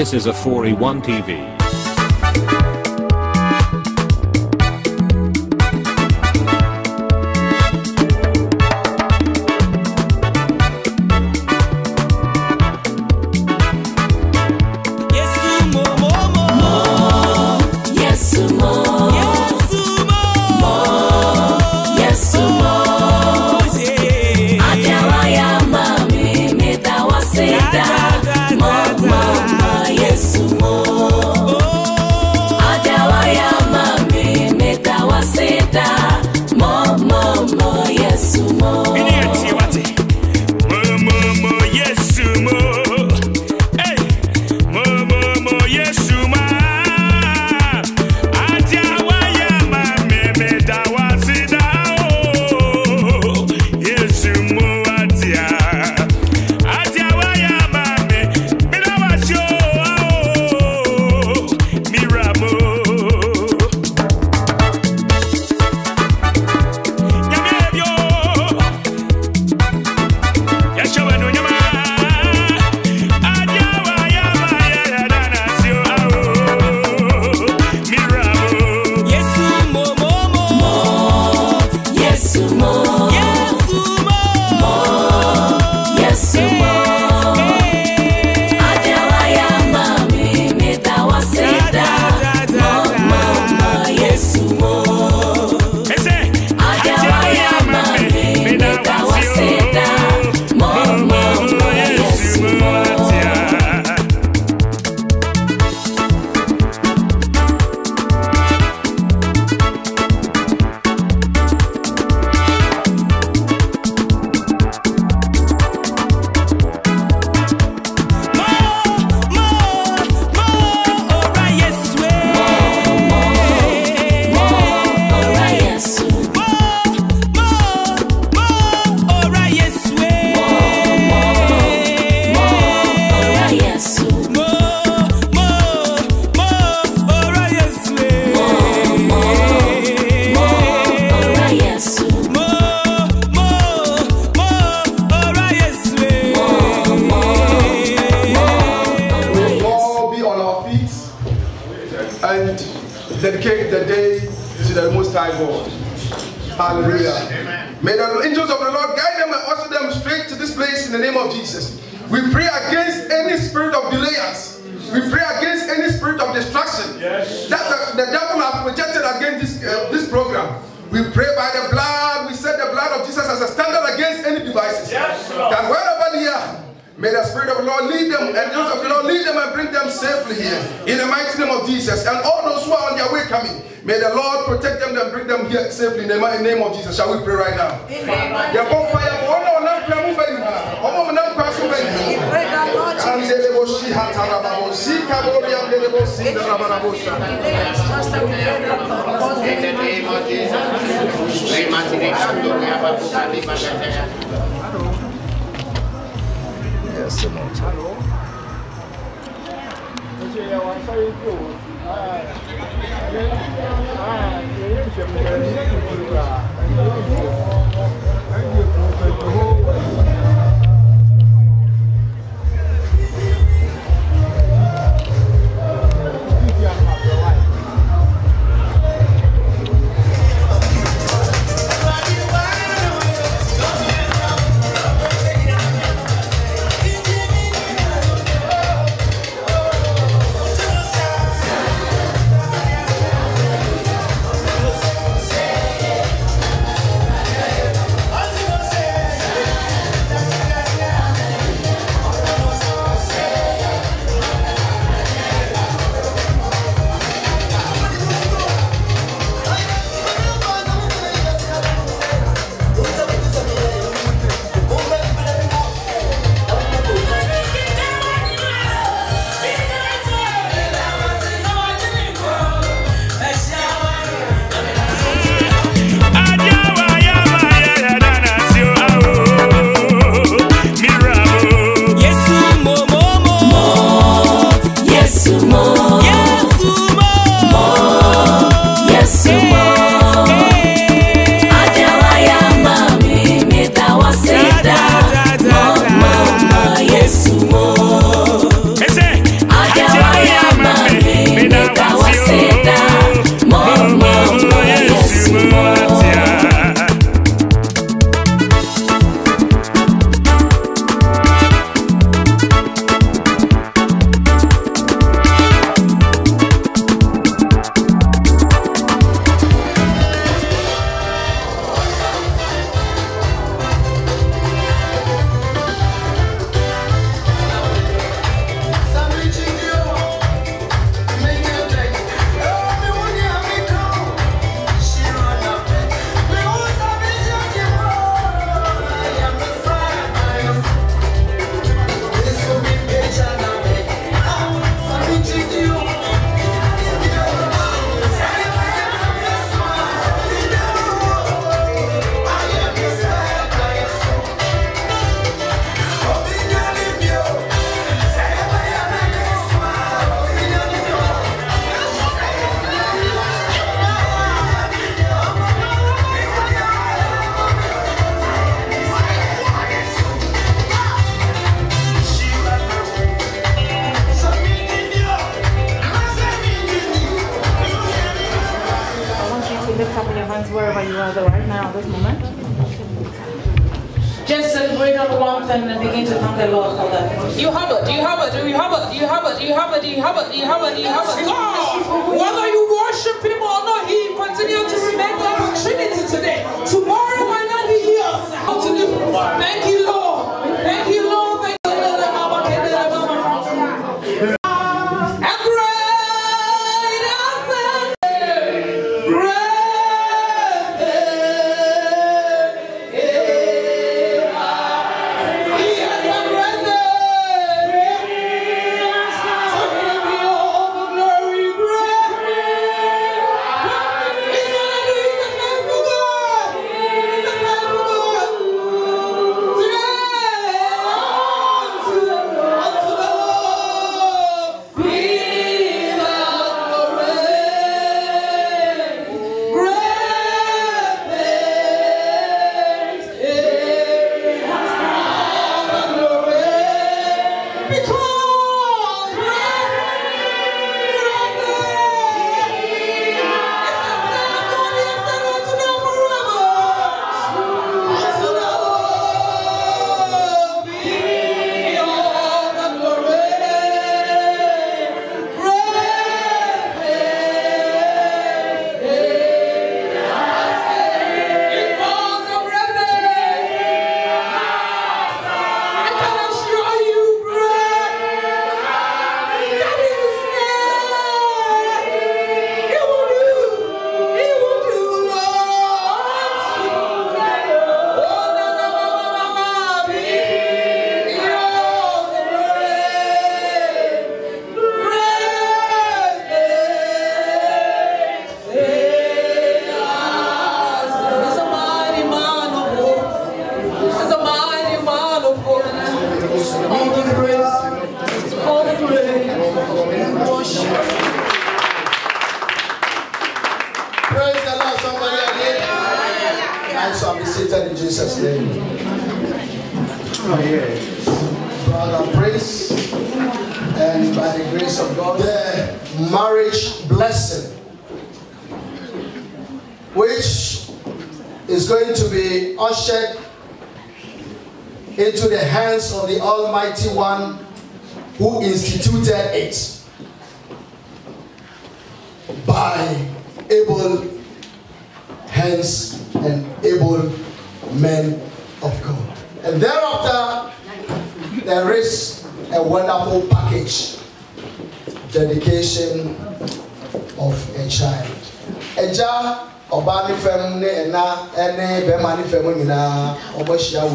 This is a 4E1 TV.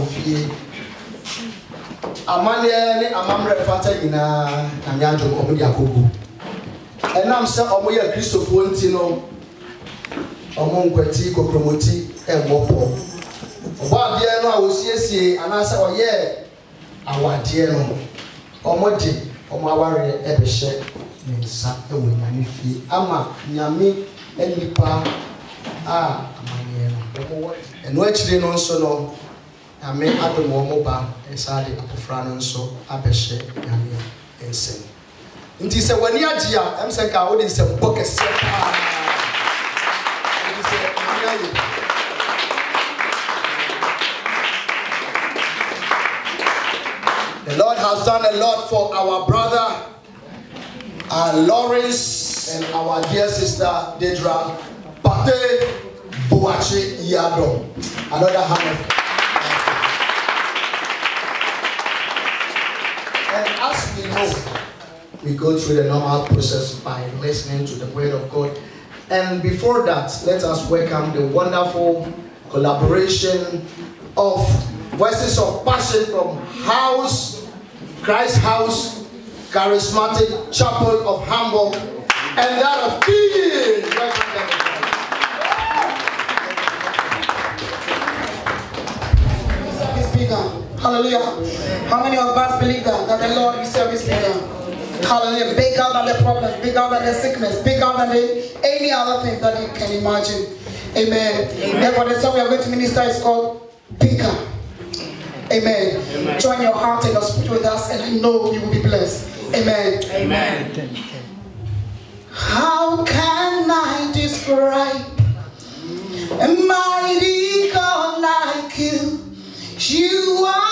ofie amanneɛ ne amammerɛ fata nyinaa nyame adwo ɔmo de akɔgu ɛnam sɛ ɔmo yɛ kristofoɔ nti no ɔmo nkwati kokromoti ɛmmɔ pɔ ɔbaadeɛ no a wɔsiesie anaasɛ ɔyɛɛ awadeɛ no ɔmo de ɔmo awareɛ ɛbɛhyɛ ne nsa ɛwɔ nyame fie ama nyame nipa a amanneɛ no ɔmo wɔ ɛno akyire no nso no wɔn mo ba de akɔfra no nso abɛhyɛ nyame nsɛm nti sɛ w'ani agye a ɛm sɛ wode kɛseɛ paa The Lord has done a lot for our brother, uh, Lawrence, and our dear sister, Deidra. Pate Boache Yadom. Another hand And as we know, we go through the normal process by listening to the Word of God. And before that, let us welcome the wonderful collaboration of Voices of Passion from House, Christ House, Charismatic Chapel of Hamburg, and that of Kingin. Welcome, Speaker. Hallelujah. How many of us believe that? That the Lord is service leader. Hallelujah. Bigger than the problems, bigger than the sickness, bigger than the, any other thing that you can imagine. Amen. Amen. Therefore, the song we are going to minister is called Bigger. Amen. Amen. Join your heart and your spirit with us, and I know you will be blessed. Amen. Amen. Amen. How can I describe a mighty God like you? You are.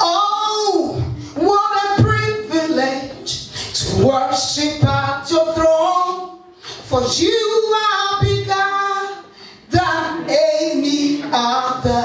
Oh, to worship at your throne, for you are bigger than any other.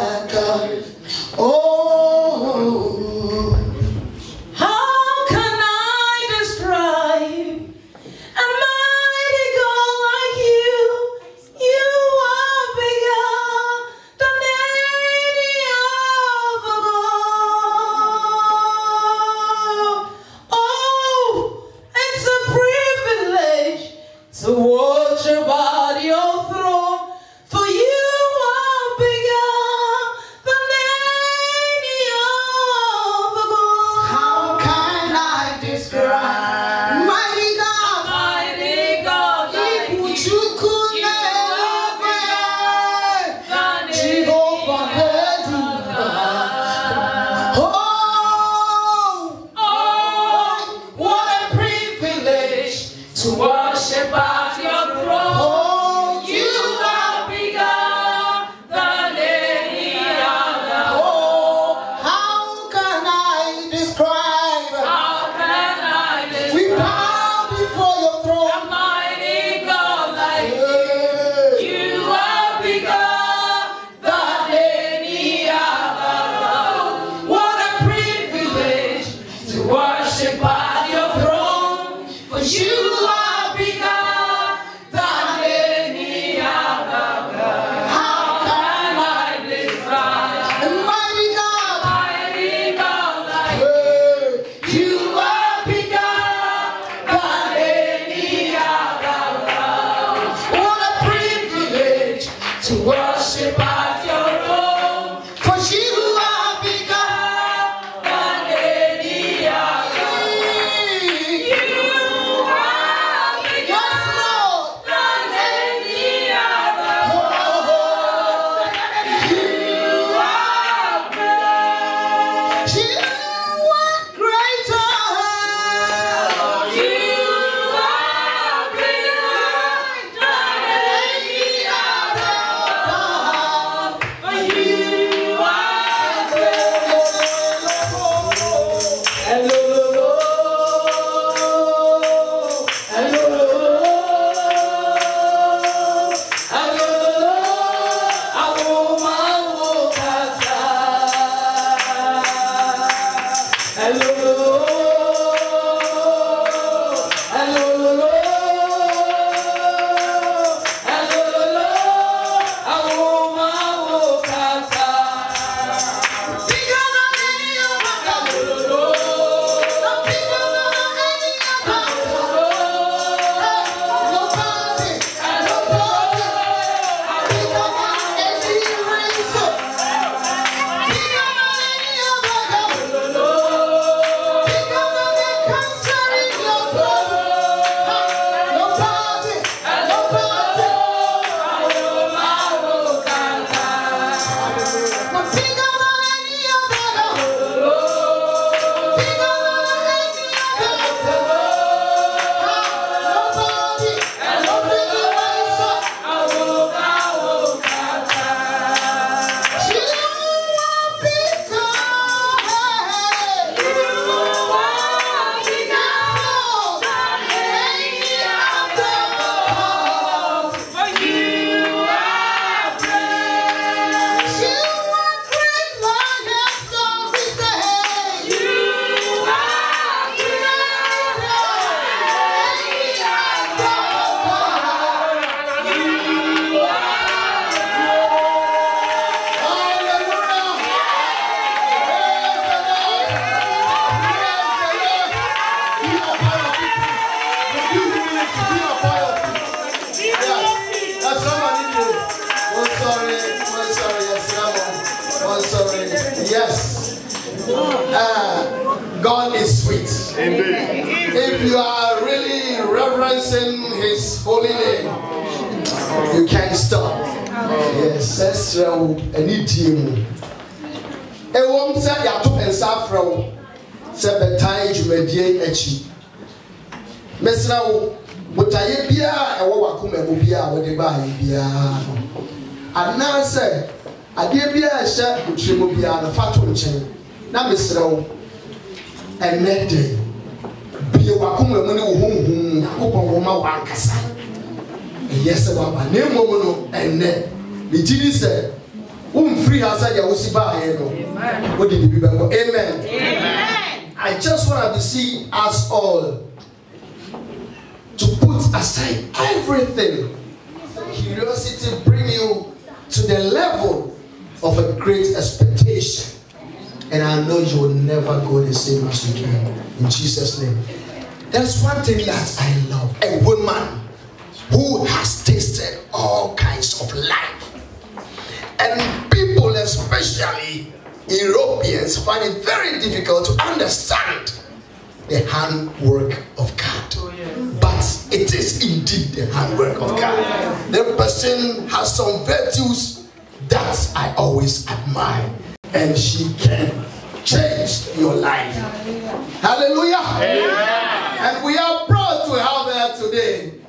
today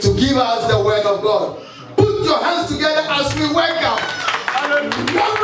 to give us the word of God. Put your hands together as we welcome. Hallelujah.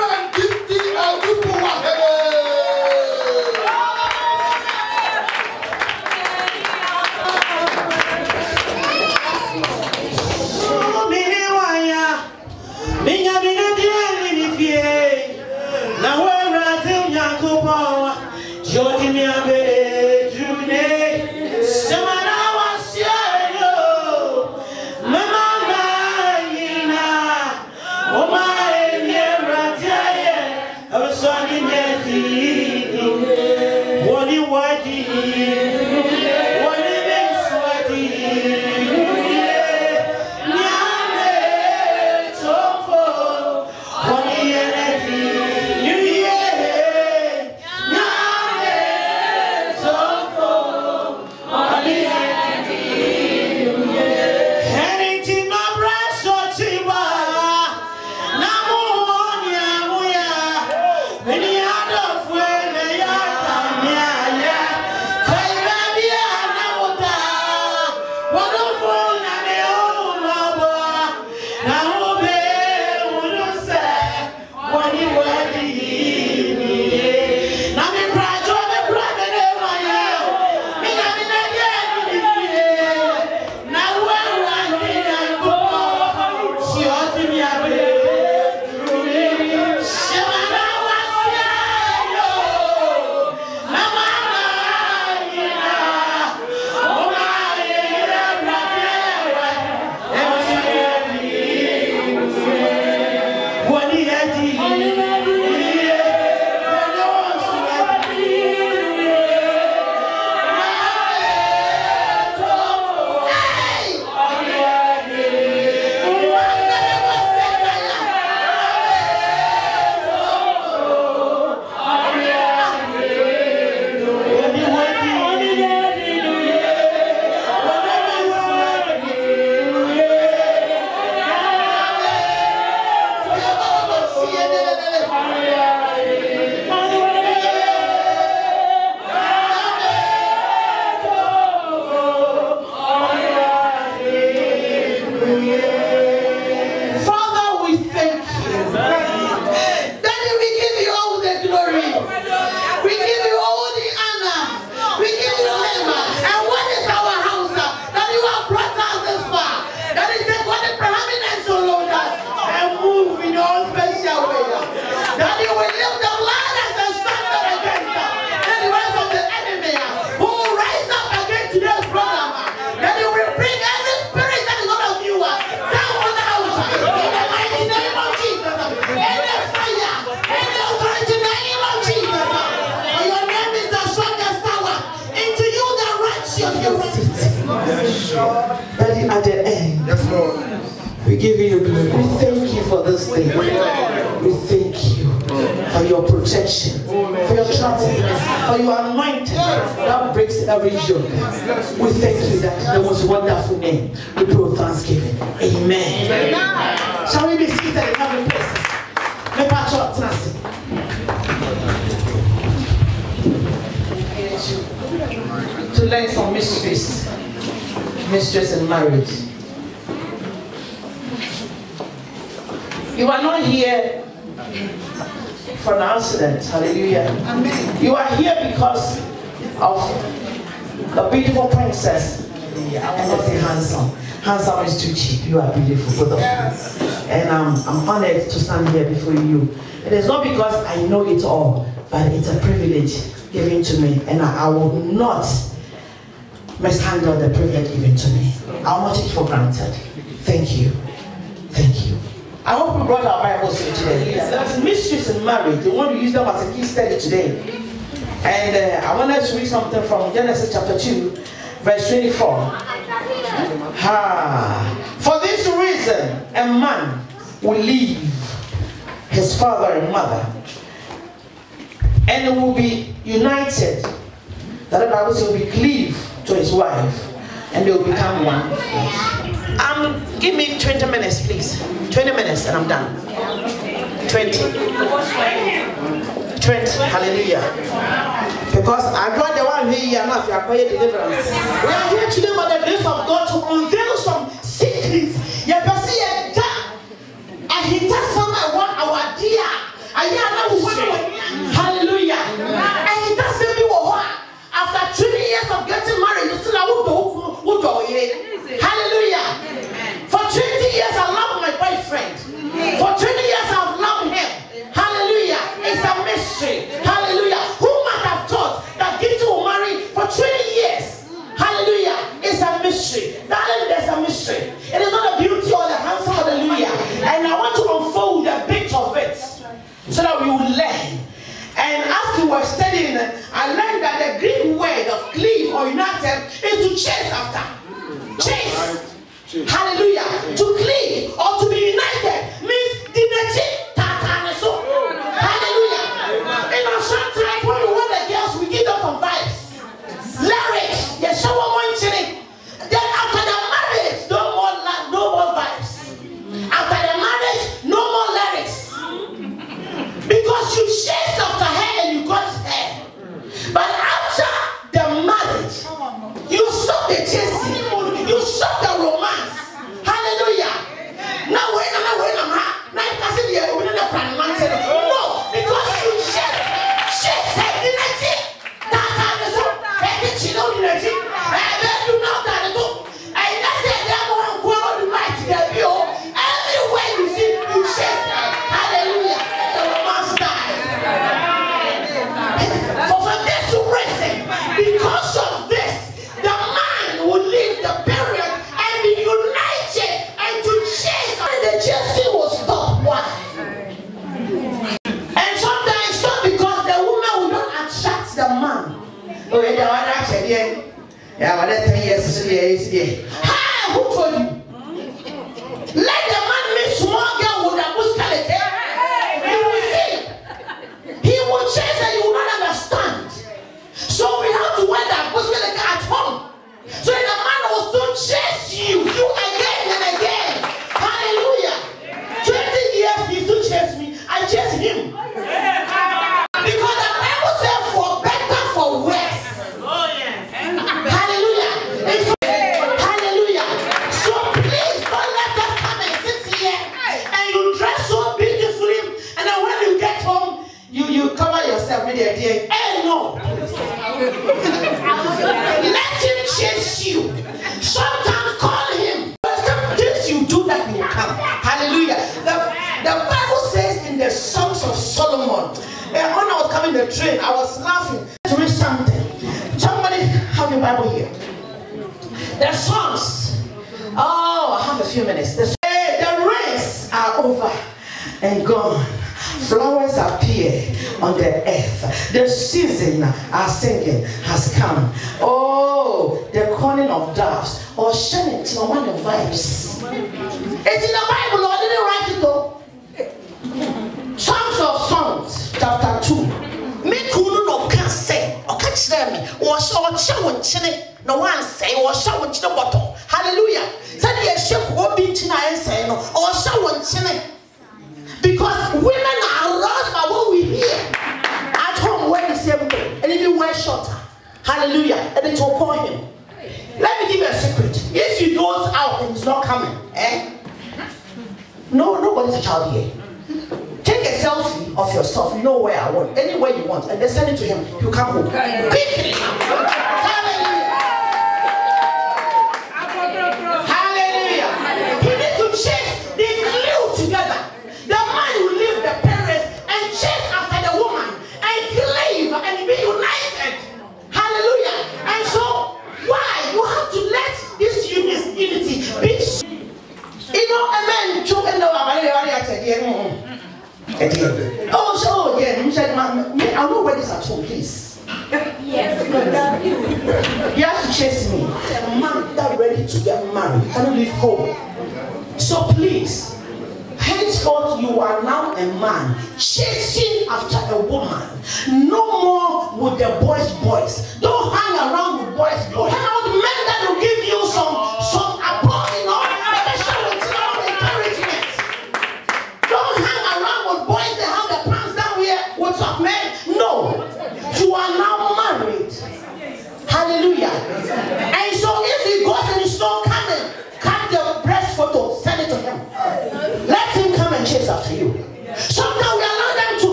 I will not mishandle the privilege given to me. I'll not take it for granted. Thank you. Thank you. I hope we brought our Bibles here today. There's mysteries in marriage. You want to use them as a key study today. And uh, I want us to read something from Genesis chapter 2, verse 24. Ha! For this reason, a man will leave his father and mother and will be Um, give me 20 minutes, please. 20 minutes and I'm done. 20. 20, hallelujah. Because I'm not the one here now if you are deliverance. We are here today by the grace of God to unveil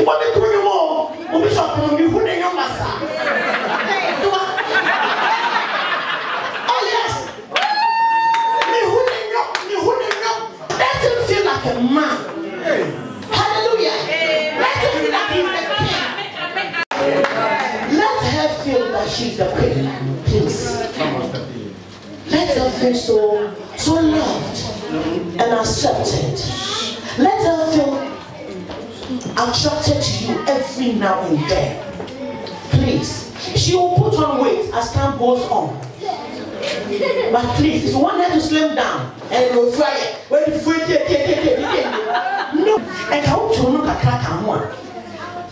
ìpàdé tó ní mọ́ òbí sọ̀kùnrin mi hù ní ẹ̀yọ́ màsà. in there. Please. She will put on weight as time goes on. But please, if you want her to slim down and you will fry it, when you fry no. And how to look at crack one.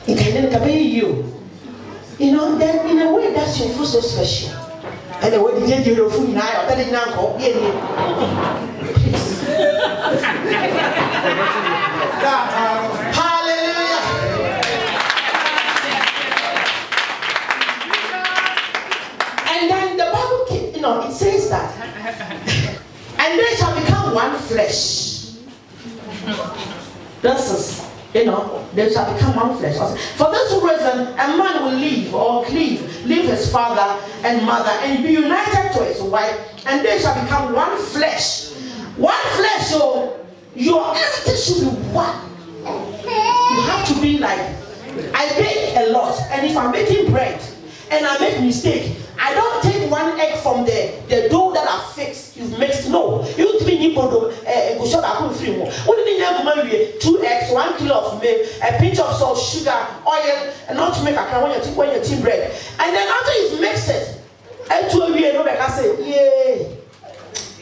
It can be you. You know, then in a way that she feel so special. And the way they did you know food now, I tell you now, please. and they shall become one flesh. This is, you know, they shall become one flesh. For this reason, a man will leave or cleave, leave his father and mother and be united to his wife, and they shall become one flesh. One flesh, so oh, your everything should be one. You have to be like, I bake a lot, and if I'm making bread and I make mistake, I don't take one egg from the the dough that I fixed you've mixed no you three ní Go ẹ egusi ọba kún firi mu wọ́n ní nyẹ́ guma wie two eggs one kilo of milk a pinch of salt sugar oil and not make a akara when you tea when you tea bread and then after you've mixed it ẹtu ewie no bẹ̀ka sẹ yee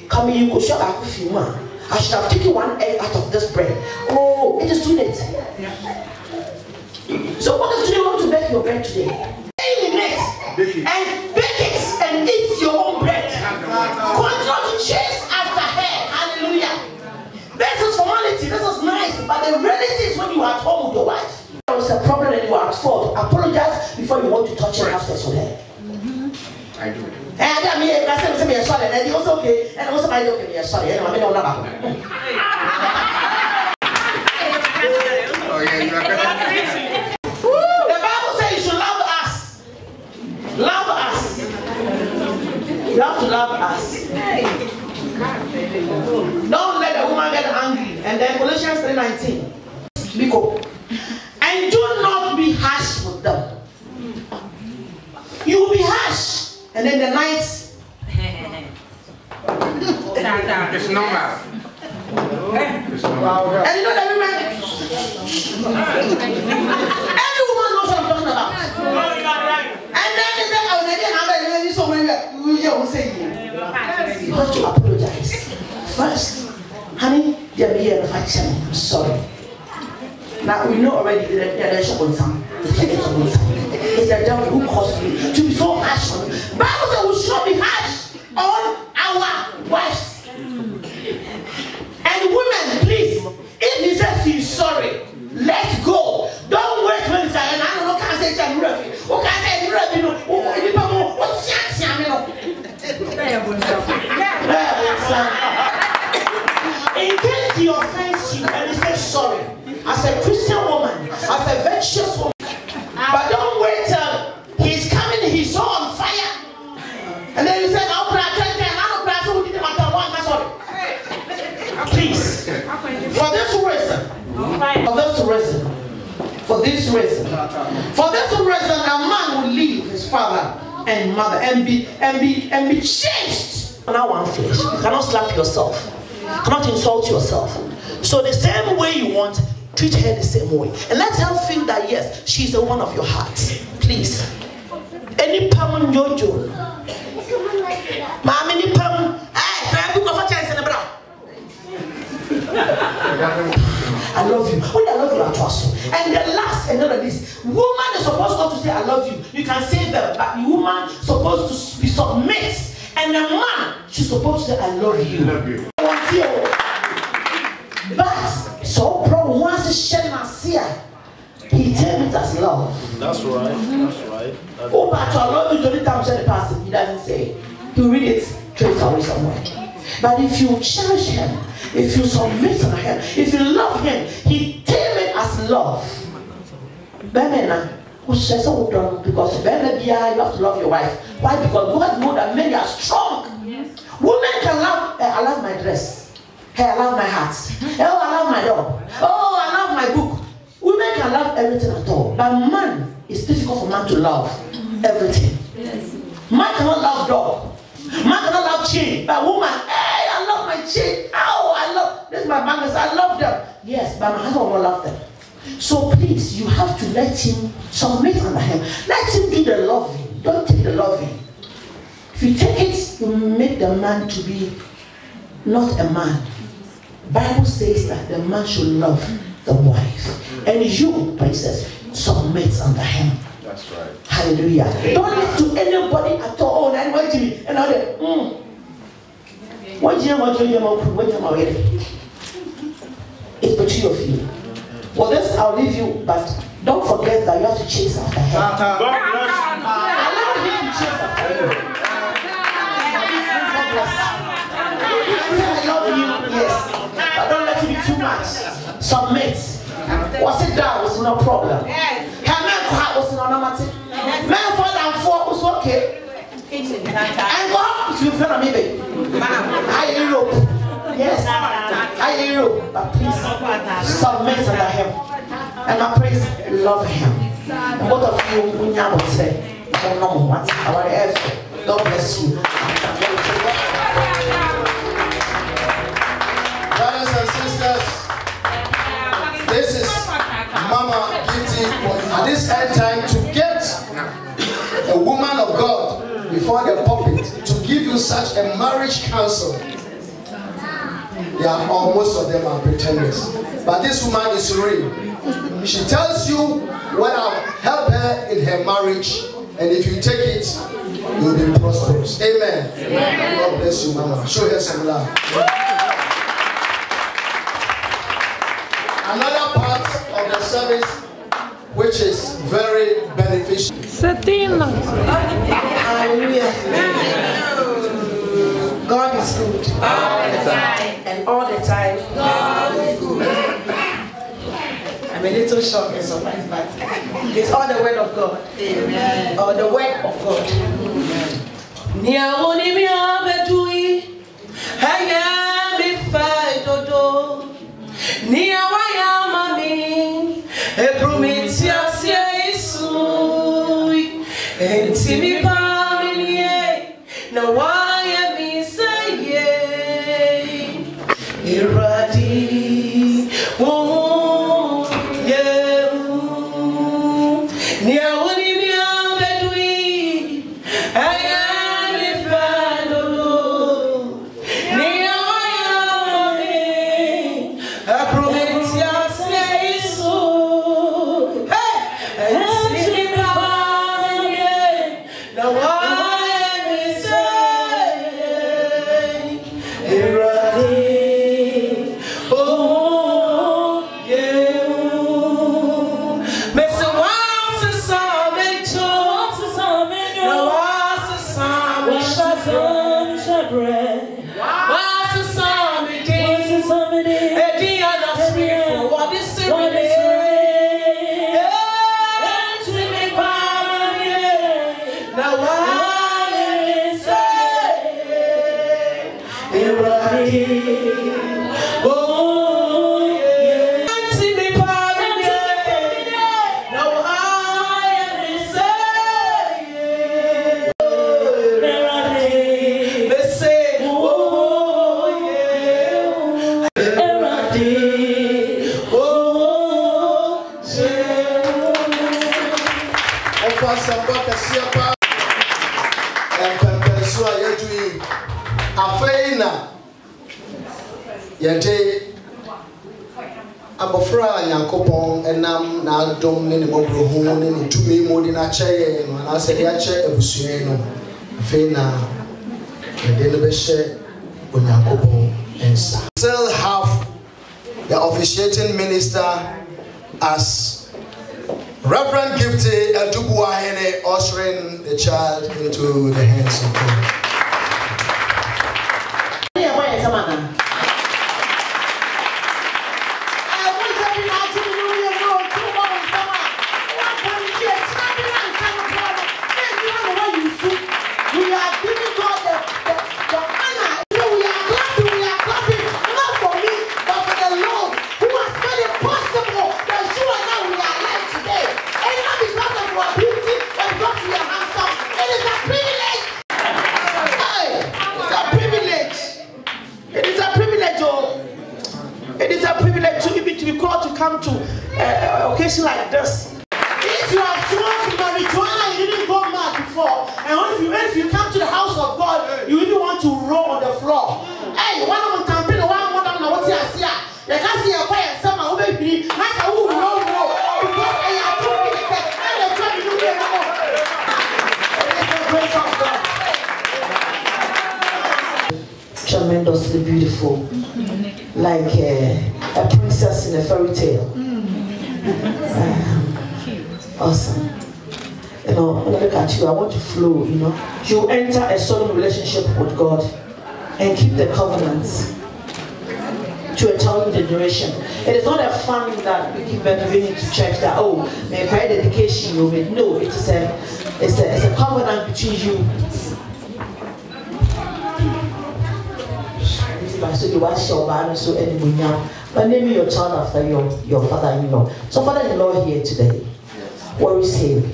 kàmi yìí egusi ọba kún firi mu more. I should have taken one egg out of this bread oh it is too late so what is do you want to make your bread today. Baking and But the reality is when you are at home with your wife, there was a problem and you are at fault. Apologize before you want to touch her afterwards with her. Mm-hmm. I do. And I mean, I said, I'm sorry, and it was okay. And also, I look at me, sorry, and I mean, I'm not. Oh, yeah, you are. Love us. You have to love us. Don't let a woman get angry. And then Colossians 3.19. Biko. And do not be harsh with them. You will be harsh. And then the night. it's normal. And you know that women. Every woman knows what I'm talking about. And then they say, oh, they didn't have that. So when you hear, you say, you have to apologize first honey, they're here being a faction. I'm sorry. Now we know already that they the direction on some. It's the devil who caused me to be so harsh on Bible says we should be harsh on our wives. And women, please, if he says he's sorry, let go. Don't wait when it's like, I don't know, can't say that refuge. Who can't say say refuge? What's that? What's that? In case he offends you and he says sorry, as a Christian woman, as a virtuous woman, but don't wait till he's coming, he's so on fire, and then you say, "Now, pray, pray, pray, now, pray, so we didn't matter one, I'm sorry." Please, for this reason, for this reason, for this reason, for this reason, a man will leave his father and mother and be and be and be chased. Now one flesh. You cannot slap yourself. Cannot insult yourself. So the same way you want, treat her the same way. And let her feel that yes, she's the one of your heart. Please. Any pam jojo. Mama ni pam. Hey, grab you for chance I love you. Only I love you at once. And the last and not least, woman is supposed not to say I love you. You can say that, but the woman supposed to be submit And a man she's supposed to say, I love you. Love you. But so problem once the shema seer, he termed it as love. That's right. That's right. That's oh, but I love you twenty times the person. He doesn't say. You read it trace away somewhere. But if you cherish him, if you submit to him, if you love him, he termed it as love. Bemena wohyɛ sɛ wodɔ no because bɛrima biara you have to love your wife why because god know that men are strong yes. women can love I eh, love my dress hey I love my Hey, eh, oh love my dog oh I love my book women can love everything at all but man it's difficult for man to love everything yes. man cannot love dog man cannot love chain but woman hey i love my chain oh i love this is my bangles i love them yes but my husband will love them. So please, you have to let him submit under him. Let him do the loving. Don't take the loving. If you take it, you make the man to be not a man. Bible says that the man should love the wife. And you, princess, submit under him. That's right. Hallelujah. Amen. Don't listen to anybody at all. And wait till and all that. Mm. What do you want to do? It's between of you. Well, this I'll leave you, but don't forget that you have to chase after him. God bless you. Allow him to chase after you. God bless I love you, yes, but don't let it be too much. Submit. Was it that was no problem? Her man was no normative. Man for and four was okay. And God, you feel me, baby. I Europe. Yes, I hear you, but please submit to him. And I praise, love him. And both of you, when you say, don't know what? Our effort. God bless you. Brothers and sisters, this is Mama Gifty at this end time to get a woman of God before the pulpit to give you such a marriage counsel. They are all, most of them are pretenders. But this woman is real. She tells you when I help her in her marriage, and if you take it, you'll be prosperous. Amen. Amen. God bless you, Mama. Show her some love. Another part of the service which is very beneficial. Hallelujah. God is good. All the time. And all the time. God is good. I'm a little shocked and surprised, but it's all the word of God. Amen. Or the word of God. Amen. Enti mi pa mi nie, na wa n'adom ne ne mmɔborɔho ne ne tumi mu de n'akyɛ yɛn no anaasɛ de akyɛ abusua yɛn no afei na yɛde no bɛhyɛ onyankopɔn nsa. still have the officiating minister as Reverend Gifty Edubuahene ushering the child into the hands of God. solemn relationship with God and keep the covenants to a thousand generation. It is not a fund that we keep back giving to church that oh may prayer dedication you will no it is a it's a it's a covenant between you. So your But name your child after your, your father-in-law. So father-in-law here today. What is he?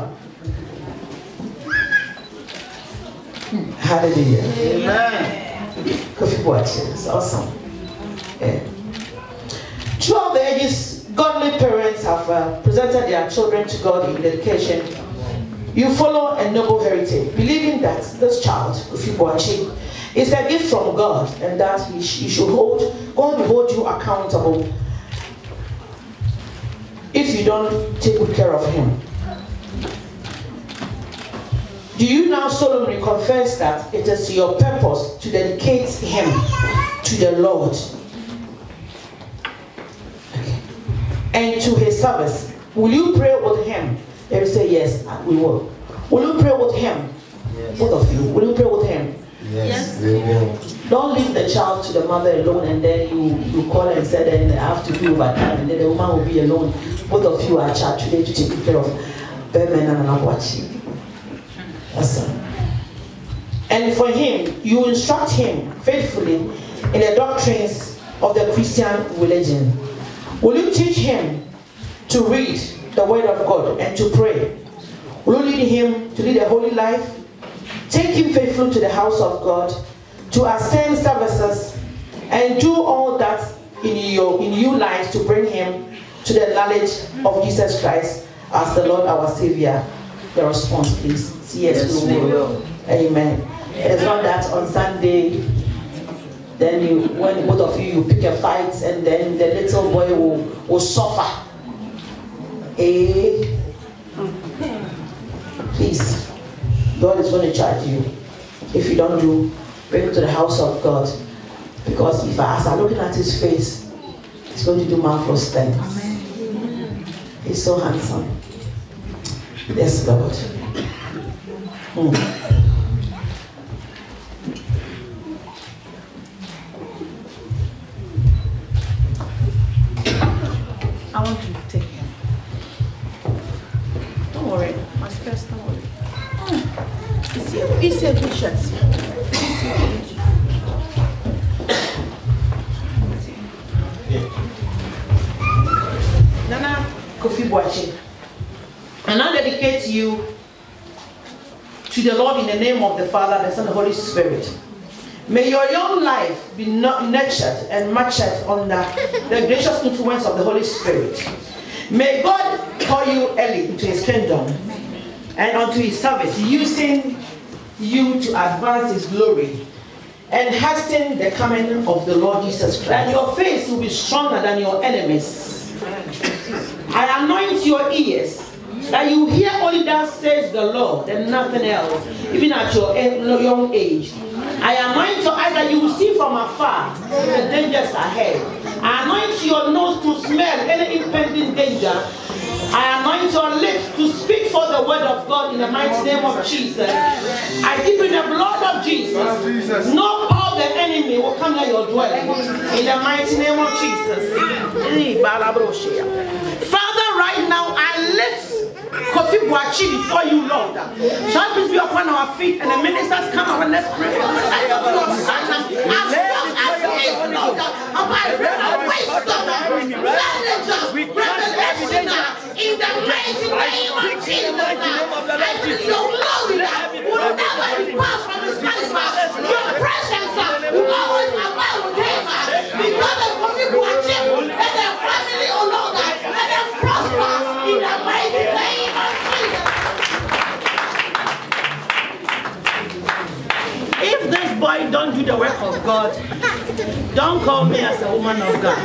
Now, hallelujah. Amen. Coffee watching. It's awesome. Yeah. Two of the ages, godly parents have uh, presented their children to God in dedication. You follow a noble heritage, believing that this child, Ufibuachi, is a gift from God and that he, he should hold, God will hold you accountable if you don't take good care of him. Do you now solemnly confess that it is your purpose to dedicate him to the Lord and to his service? Will you pray with him? They will say, Yes, we will. Will you pray with him? Yes. Both of you. Will you pray with him? Yes. yes. Don't leave the child to the mother alone and then you, you call and say, Then I have to do overtime and then the woman will be alone. Both of you are charged today to take care of. Bemen and watching person. And for him, you instruct him faithfully in the doctrines of the Christian religion. Will you teach him to read the word of God and to pray? Will you lead him to lead a holy life? Take him faithfully to the house of God, to attend services, and do all that in your in you life to bring him to the knowledge of Jesus Christ as the Lord our Savior. The response, please. Yes, we will. Amen. It is not that on Sunday, then you, when both of you, you pick a fight and then the little boy will, will suffer. Eh? Please, God is going to charge you. If you don't do, bring him to the house of God. Because if I, start I'm looking at his face, he's going to do marvelous things. He's so handsome. Yes, God. Oh. Father, the Son, the Holy Spirit. May your young life be nurtured and matured under the gracious influence of the Holy Spirit. May God call you early into his kingdom and unto his service, using you to advance his glory and hasten the coming of the Lord Jesus Christ. Your faith will be stronger than your enemies. I anoint your ears that you hear only that says the Lord and nothing else, even at your young age. I anoint your eyes that you will see from afar the dangers ahead. I anoint your nose to smell any impending danger. I anoint your lips to speak for the word of God in the mighty name of Jesus. I give you the blood of Jesus. No power the enemy will come near your dwelling in the mighty name of Jesus. Father, right now I lift Kofi Buachi before you, Lord. Shall we be upon our feet and the ministers come out and let's pray. I love your son as long as he is, Lord. Abide wisdom, knowledge, revelation in the mighty name of Jesus. I believe your glory will never depart from his life. Your presence will always abide with him. Because of Kofi Buachi and their family, oh Lord, let them prosper. this boy don't do the work of God, don't call me as a woman of God.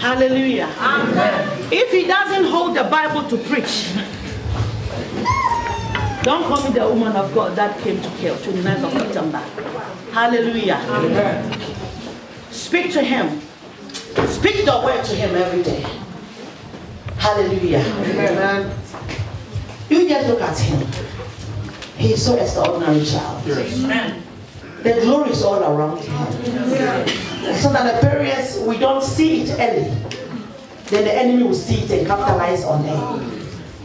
Hallelujah. Amen. If he doesn't hold the Bible to preach, don't call me the woman of God that came to kill 29th of September. Hallelujah. Amen. Speak to him. Speak the word to him every day. Hallelujah. Amen. You just look at him. He is so extraordinary child. Yes. Amen. The glory is all around him. Yes. So that the parents, we don't see it early. Then the enemy will see it and capitalize on it.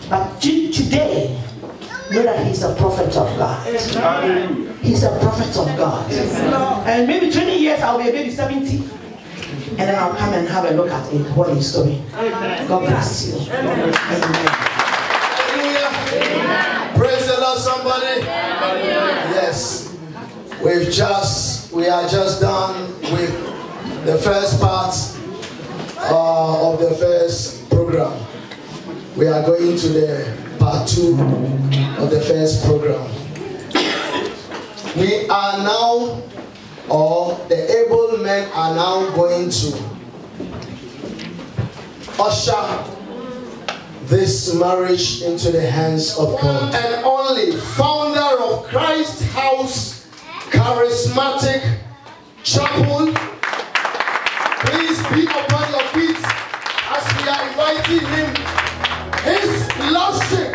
But today, know that he's a prophet of God. He's a prophet of God. And maybe 20 years, I'll be maybe 70. And then I'll come and have a look at it, what he's doing. God bless you. Amen. We've just, we are just done with the first part uh, of the first program. We are going to the part two of the first program. We are now, or the able men are now going to usher this marriage into the hands of God. One and only founder of Christ House charismatic chapel. Please be upon your feet as we are inviting him. His lordship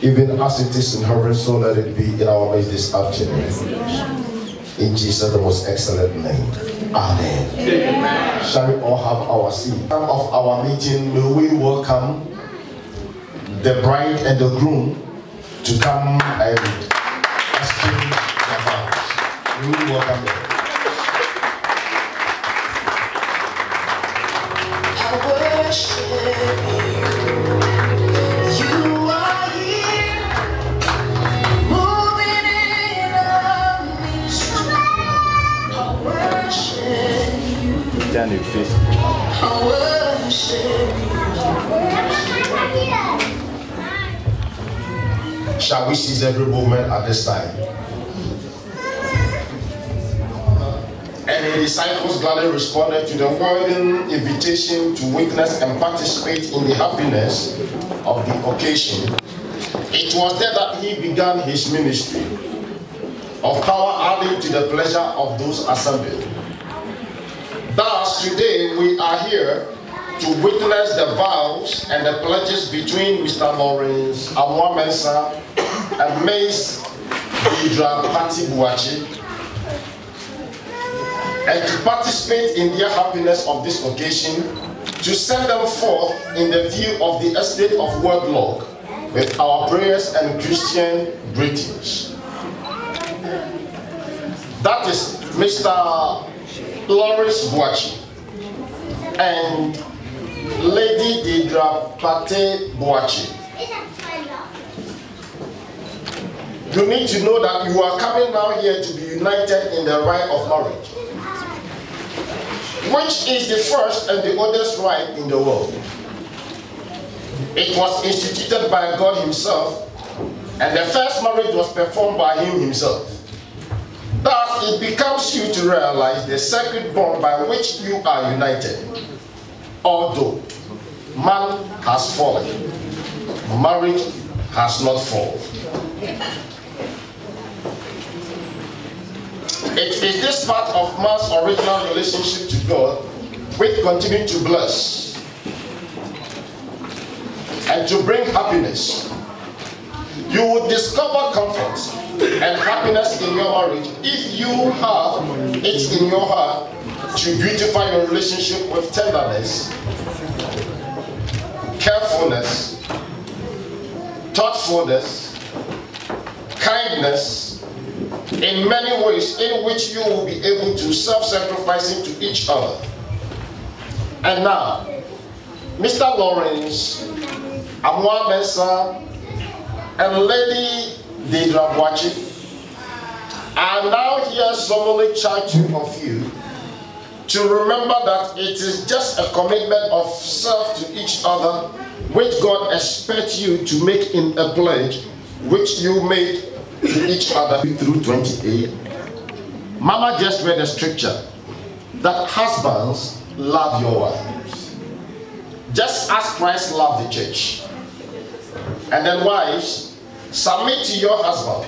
Even as it is in heaven, so let it be in our midst this afternoon. In Jesus' most excellent name. Amen. Amen. Shall we all have our seat? of our meeting, may we welcome the bride and the groom to come and exchange their vows? Will we welcome them? sees every movement at this time. And the disciples gladly responded to the warning invitation to witness and participate in the happiness of the occasion. It was there that he began his ministry of power adding to the pleasure of those assembled. Thus, today we are here to witness the vows and the pledges between Mr. Lawrence Amwa Mensah amazed Indra Pati Buachi and to participate in their happiness of this occasion, to send them forth in the view of the estate of wedlock with our prayers and Christian greetings. That is Mr. Loris Buachi and Lady Idra Pate Buachi. You need to know that you are coming now here to be united in the right of marriage, which is the first and the oldest right in the world. It was instituted by God Himself, and the first marriage was performed by Him Himself. Thus, it becomes you to realize the sacred bond by which you are united. Although man has fallen, marriage has not fallen. It is this part of man's original relationship to God which continues to bless and to bring happiness. You will discover comfort and happiness in your marriage if you have it in your heart to beautify your relationship with tenderness, carefulness, thoughtfulness, kindness, in many ways in which you will be able to self-sacrificing to each other. And now, Mr. Lawrence, Amwa Mesa, and Lady Deidra Bwachi, I now here solemnly charge you of you to remember that it is just a commitment of self to each other which God expects you to make in a pledge which you made to each other through 28. Mama just read a scripture that husbands love your wives. Just as Christ loved the church. And then wives, submit to your husband.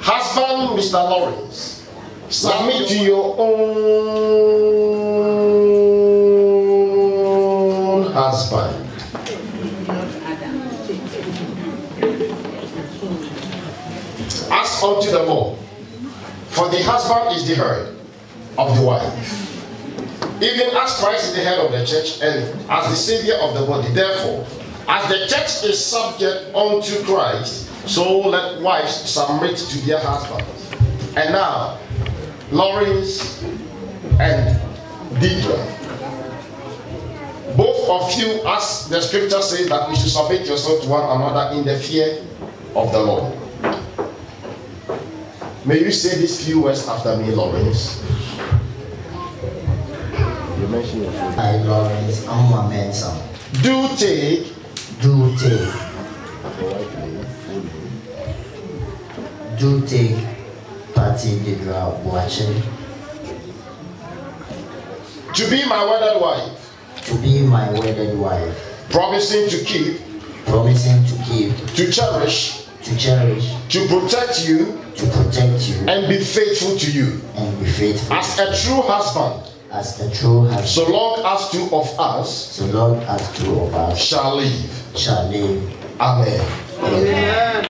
Husband, Mr. Lawrence, submit to your own husband. unto the law. For the husband is the head of the wife. Even as Christ is the head of the church and as the savior of the body. Therefore, as the church is subject unto Christ, so let wives submit to their husbands. And now, Lawrence and Deidre, both of you, as the scripture says, that we should submit yourself to one another in the fear of the Lord. May you say these few words after me, Lawrence. You mentioned your food. Hi, Lawrence. I'm man. mentor. Do take. Do take. Do take party that you are watching. To be my wedded wife. To be my wedded wife. Promising to keep. Promising to keep. To cherish to cherish. To protect you. To protect you. And be faithful to you. And be faithful. As a true husband. As a true husband. So long as two of us. So long as two of us. Shall live. Shall live. Amen. Amen.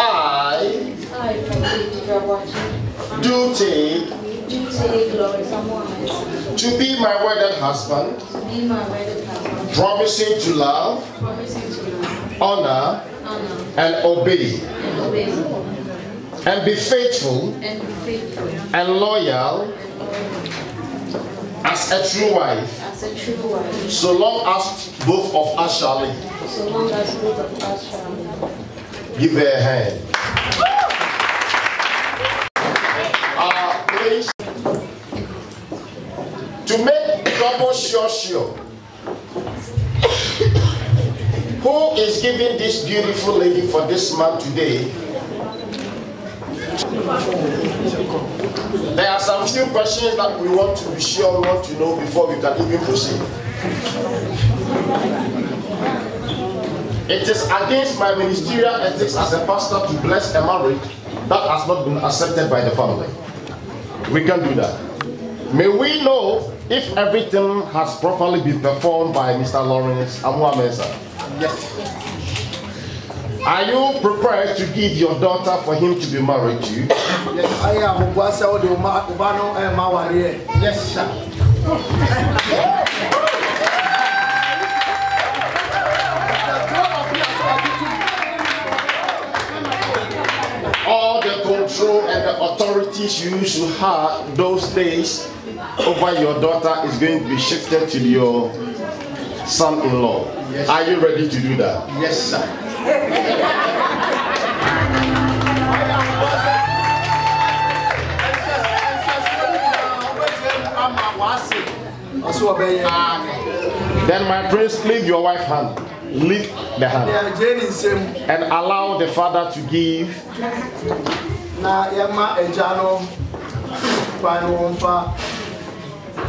I. I do take. glory To be my wedded husband. To be my wedded husband. Promising to love. Promising to honor, honor. And, obey. and obey. And be faithful and, be faithful. and loyal as a true wife. As a true wife. So long as both of us shall live. So long as both of us shall live. Give her a hand. Uh, please. To make double sure sure who is giving this beautiful lady for this man today? There are some few questions that we want to be sure we want to know before we can even proceed. It is against my ministerial ethics as a pastor to bless a marriage that has not been accepted by the family. We can do that. May we know if everything has properly been performed by Mr. Lawrence Amuamesa. Yes. Are you prepared to give your daughter for him to be married to? Yes, I am. Eh, yes, sir. All the control and the authorities you used to have those days over your daughter is going to be shifted to your son-in-law. Yes. Are you ready to do that? Yes, sir. then my prince, leave your wife hand. Leave the hand. And allow the father to give.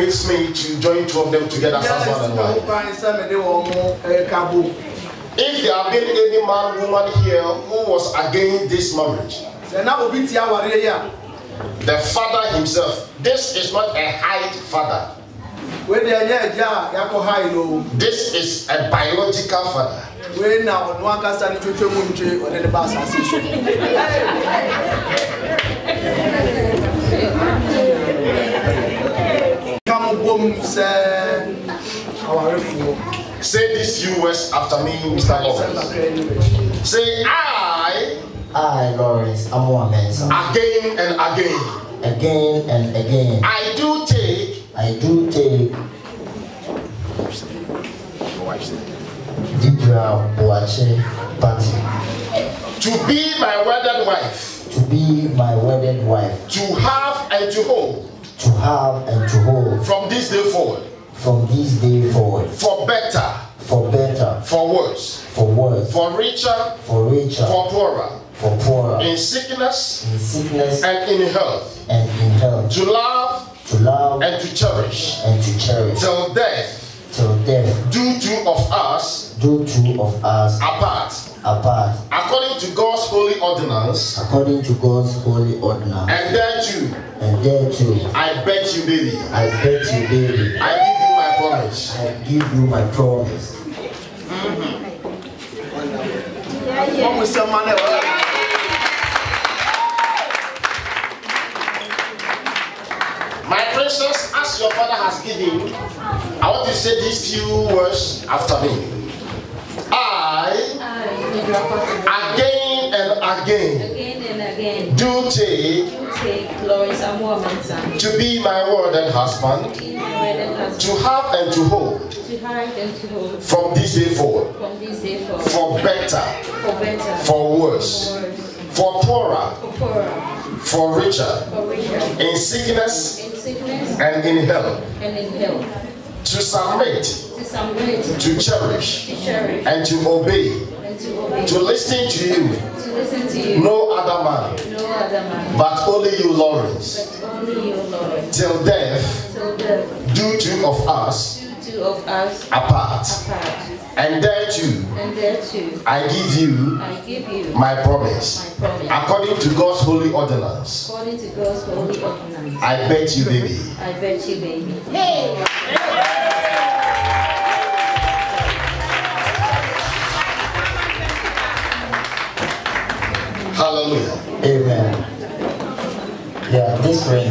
forbids me to join two of them together as husband and wife. Eh, If there have been any man, woman here who was against this marriage, the father himself, this is not a hide father. This is a biological father. Say this, few words after me, Mr. Lawrence. Say, I. I, Lawrence, I'm one man. Again and again. Again and again. I do take. I do take. Dibra Boache Party. To be my wedded wife. To be my wedded wife. To have and to hold. to have and to hold. From this day forward. From this day forward. For better. For better. For worse. For worse. For richer. For richer. For poorer. For poorer. In sickness. In sickness. And in health. And in health. To love. To love. And to cherish. And to cherish. Till death. Till death. Do two of us. Do two of us. Apart. apart. According to God's holy ordinance. According to God's holy ordinance. And there too. And there too. I bet you baby. I bet you baby. I give you my promise. I give you my promise. Mm-hmm. Yeah, yeah. My precious, as your father has given, I want to say these few words after me. I, I Again and again. Do take. To be my word and husband. To, have and to hold. To and to hold. From this day forward. From this day For better. For worse. For, poorer. For richer, in sickness, in sickness and, in health, and in health, to submit, to, to cherish, and to obey, to, listen to you. No other man. But only you, Lawrence. Till death. Do two of us. two of us. Apart. And there too, I, give you my promise. According to God's holy ordinance. According to God's holy ordinance. I bet you, baby. I bet you, baby. Hey. Hallelujah. Amen. Yeah, this ring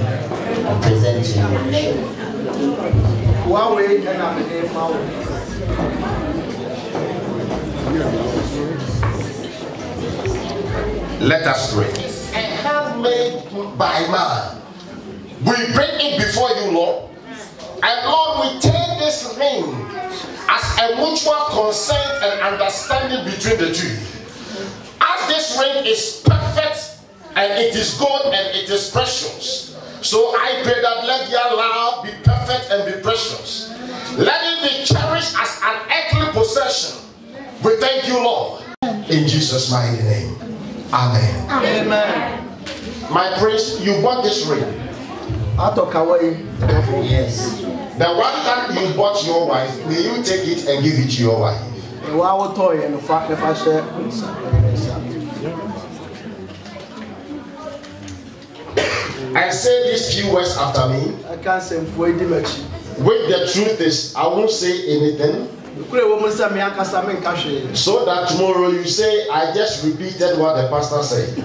I present to you. One way and i Let us pray. A have made by man. We bring it before you, Lord. And Lord, we take this ring as a mutual consent and understanding between the two. As this ring is perfect and it is good and it is precious. So I pray that let your love be perfect and be precious. Let it be cherished as an earthly possession. We thank you, Lord. In Jesus' mighty name. Amen. Amen. My prince, you bought this ring. Out of away. Yes. The one time you bought your wife, will you take it and give it to your wife? I say these few words after me. I can't say Wait, the truth is, I won't say anything. So that tomorrow you say, I just repeated what the pastor said.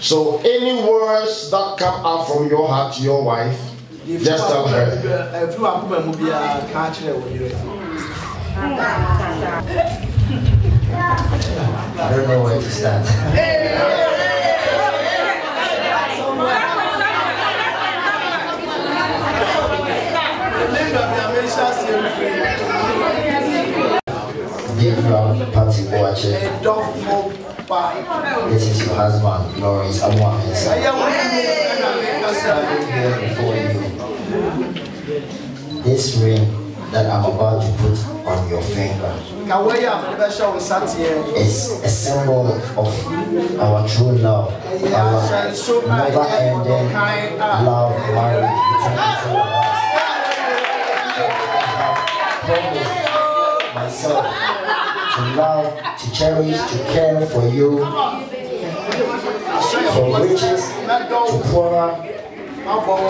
So any words that come out from your heart to your wife, just tell her. I don't know where to start. Dear this is your husband, Lawrence Amwa Standing here before you, this ring that I'm about to put on your finger. is a symbol of our true love, our never-ending love marriage between the two of us. promise myself to love, to cherish, to care for you, from riches to poorer,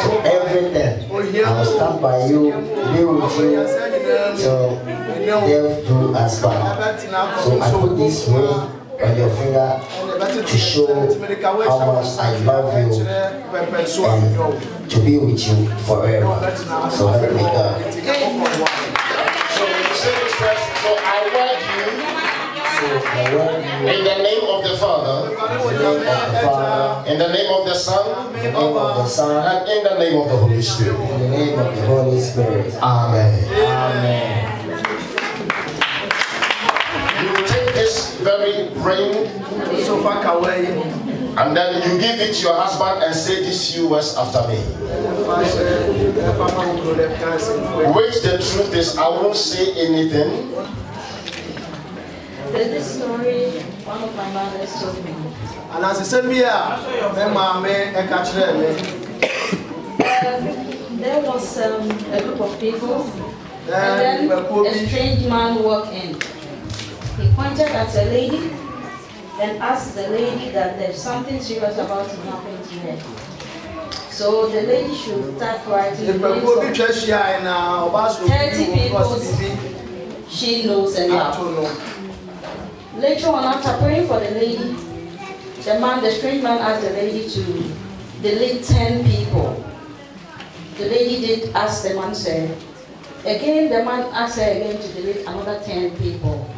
to everything. I will stand by you, be with you till death do us part. So I put this ring on your finger to show how much I love you and to be with you forever. So help me God. says, So I wed you. In the name of the Father, in the name of the Son, in the name of the Son, and in the name of the Holy Spirit. In the name of the Holy Spirit. Amen. Amen. You take this very brain so far away. And then you give it to your husband and say these few words after me. Which the truth is, I won't say anything. This story, one of my mothers told me. And as I said, um, there was um, a group of people, and then a strange man walked in. He pointed at a lady and asked the lady that there's something serious about to happen to her. So the lady should start writing. The uh, be thirty people she knows and loves. Later on, after praying for the lady, the man, the strange man, asked the lady to delete ten people. The lady did ask the man, said. Again, the man asked her again to delete another ten people.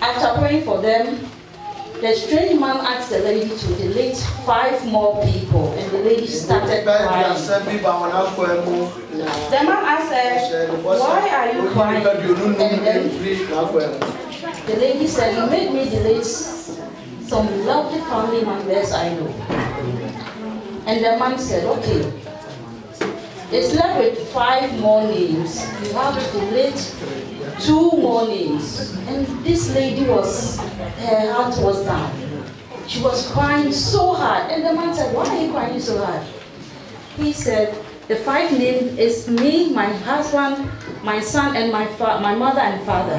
After praying for them, the strange man asked the lady to delete five more people, and the lady started crying. The man asked her, Why are you crying? And then the lady said, You made me delete some lovely family members I know. And the man said, Okay, it's left with five more names. You have to delete two more names. And this lady was, her heart was down. She was crying so hard. And the man said, why are you crying so hard? He said, the five names is me, my husband, my son, and my, my mother and father.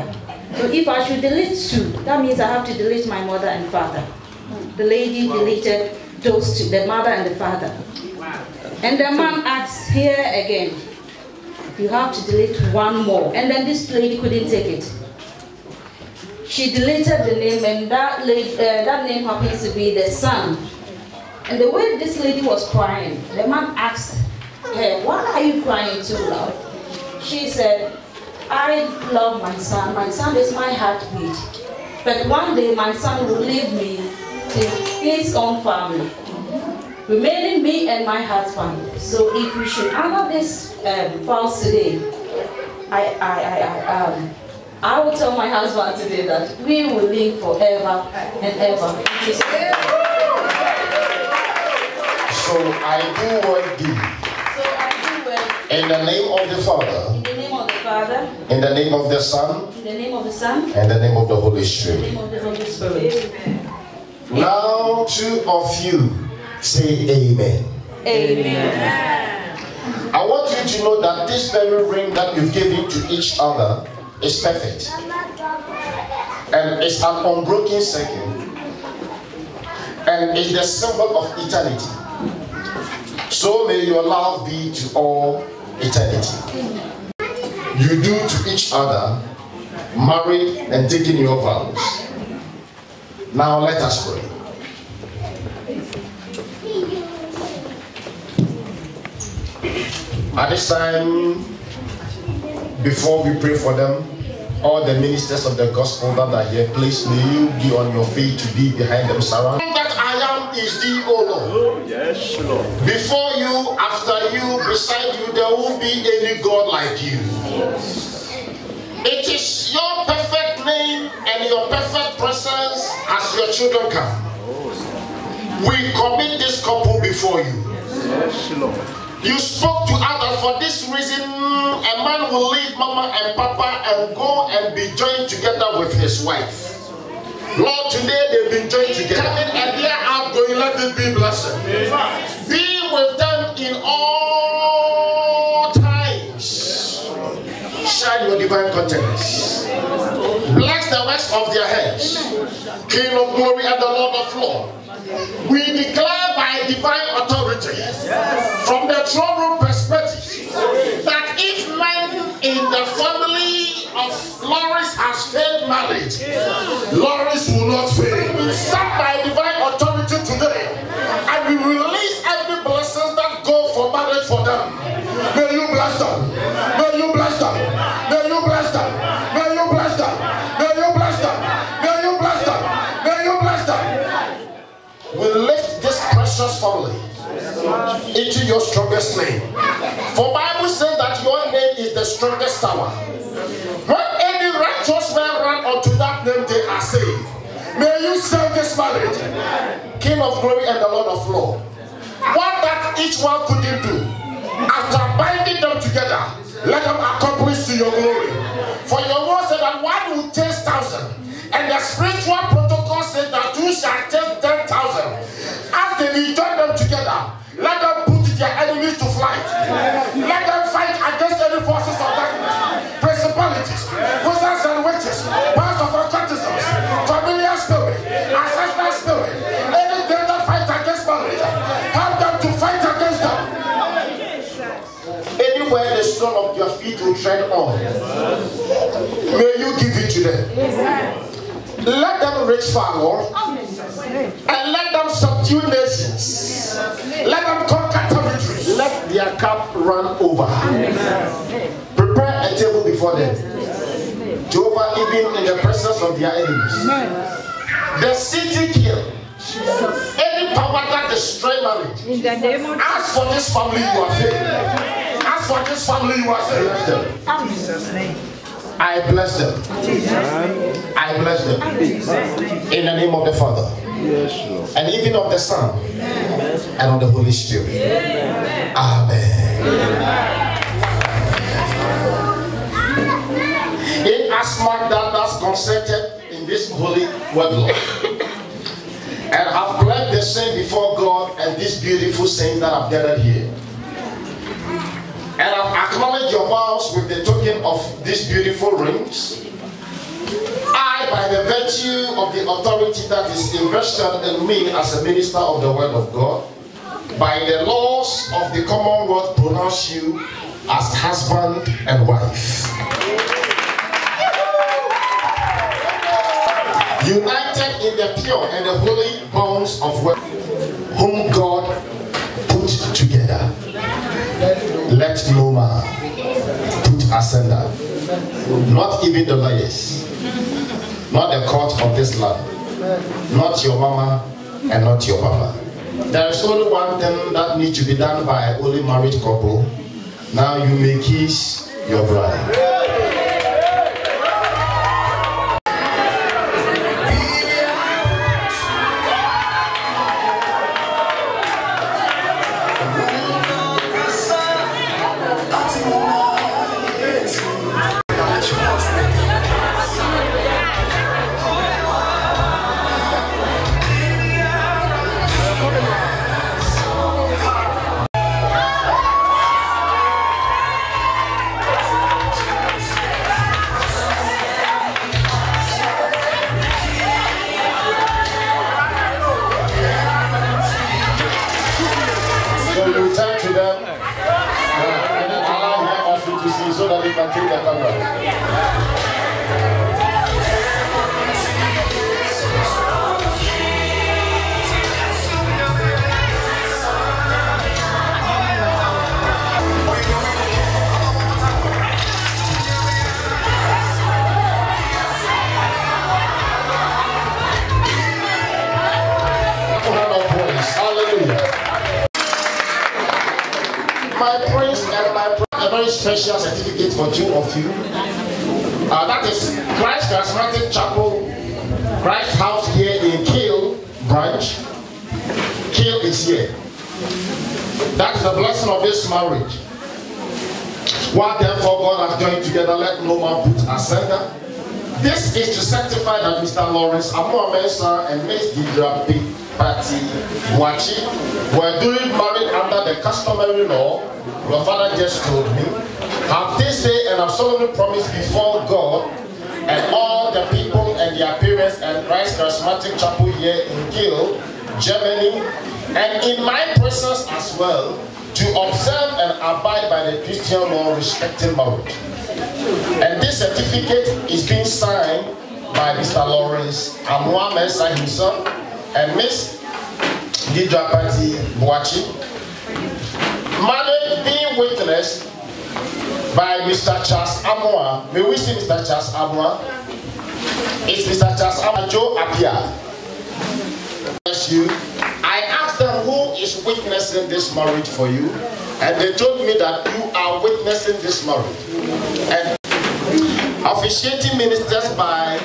So if I should delete two, that means I have to delete my mother and father. The lady deleted those two, the mother and the father. And the man asked, here again, you have to delete one more. And then this lady couldn't take it. She deleted the name, and that, lady, uh, that name happens to be the son. And the way this lady was crying, the man asked her, Why are you crying too loud? She said, I love my son. My son is my heartbeat. But one day my son will leave me to his own family remaining me and my husband. So if we should honor this um, vows today, I, I, I, I, um, I will tell my husband today that we will live forever and ever. So I do what thee. So I do In the name of the Father. In the name of the Father. In the name of the Son. In the name of the Son. And the name of the Holy Spirit. In the name of the Holy Spirit. Now two of you. Say amen. Amen. I want you to know that this very ring that you've given to each other is perfect. And it's an unbroken circle. And it's the symbol of eternity. So may your love be to all eternity. You do to each other, married and taking your vows. Now let us pray. At this time, before we pray for them, all the ministers of the gospel that are here, please may you be on your feet to be behind them, Sarah. That I am is the O Lord. Oh, yes, Lord. Before you, after you, beside you, there won't be any God like you. Yes. It is your perfect name and your perfect presence as your children come. We commit this couple before you. Yes, Lord. You spoke to Adam for this reason a man will leave mama and papa and go and be joined together with his wife. Lord, today they've been joined together. Coming and their outgoing, let them be blessed. Be with them in all times. Shine your divine countenance. Bless the works of their hands. King of glory and the Lord of law. We declare by divine authority the troubled perspective that if men in the family of Lawrence has failed marriage, Lawrence will not fail. We stand by divine authority today and we release every blessing that go for marriage for them. May you bless them. May you bless them. May you bless them. May you bless them. May you bless them. May you bless them. May you bless them. We lift this precious family. into your strongest name. For Bible says that your name is the strongest tower. When any righteous man run unto that name, they are saved. May you save this marriage, King of glory and the Lord of law. What that each one couldn't do, after binding them together, let them accomplish to your glory. For your word said that one will taste thousand, and the spiritual protocol says that two shall taste ten thousand. After they join them together, let them put their enemies to flight. Let them fight against any forces of darkness, principalities, wizards and witches, powers of occultisms, familiar spirit, ancestral spirit, anything that fight against marriage. Help them to fight against them. Anywhere the sole of your feet will tread on, may you give it to them. Let them far forward and let them subdue nations. Let them conquer territories. Let their cup run over. Prepare a table before them. Jehovah, even in the presence of their enemies. The city killed. Any power that destroys marriage. As for this family, you are saved. As for this family, you are saved. Jesus' name. I bless them. I bless them. In the name of the Father. And even of the Son. And of the Holy Spirit. Amen. Amen. In asthma that was consented in this holy wedlock. and have pledged the same before God and this beautiful saint that I've gathered here. And i acknowledge your vows with the token of these beautiful rings. I, by the virtue of the authority that is invested in me as a minister of the word of God, by the laws of the commonwealth pronounce you as husband and wife. United in the pure and the holy bonds of wedlock, whom God put together. let no man put asunder, not even the lawyers, not the court of this land, not your mama and not your papa. There is only one thing that needs to be done by only married couple. Now you may kiss your bride. let no man put This is to certify that Mr. Lawrence Amuamensa and Ms. Didra B. Patti Wachi were duly married under the customary law, your father just told me. Have they say and have solemnly promised before God and all the people and their parents and Christ Charismatic Chapel here in Kiel, Germany, and in my presence as well, to observe and abide by the Christian law respecting marriage. And this certificate is being signed by Mr. Lawrence Amua Mensah himself and Miss Didrapati Buachi. Marriage being witnessed by Mr. Charles Amua. May we see Mr. Charles Amua? It's Mr. Charles Amwa Joe Apia. Bless you. I ask witnessing this marriage for you. And they told me that you are witnessing this marriage. And officiating ministers by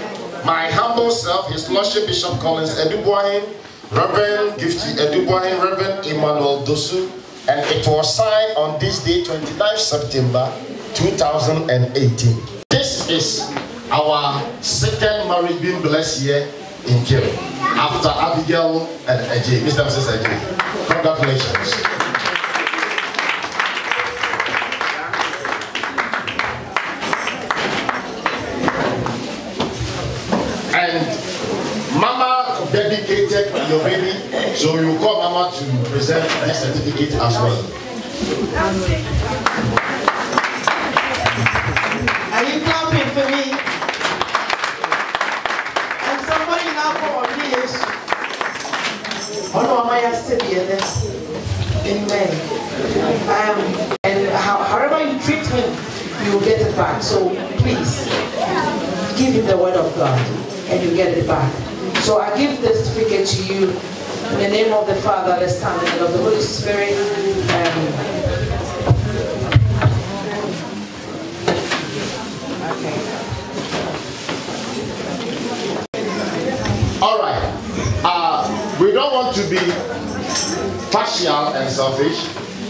my humble self, His Lordship Bishop Collins Edubuahin, Reverend Gifty Edubuahin, Reverend Emmanuel Dosu, and it was signed on this day, 29 September 2018. This is our second marriage being blessed here in jail after Abigail and Aj, Mr. and Mrs. Aj, Congratulations. And Mama dedicated your baby, so you call Mama to present this certificate as well. Are you clapping for me? ono in Amen. Um, and how, however you treat him, you will get it back. So please, give him the word of God and you get it back. So I give this certificate to you in the name of the Father, the Son, and of the Holy Spirit. Um, okay. to be partial and selfish.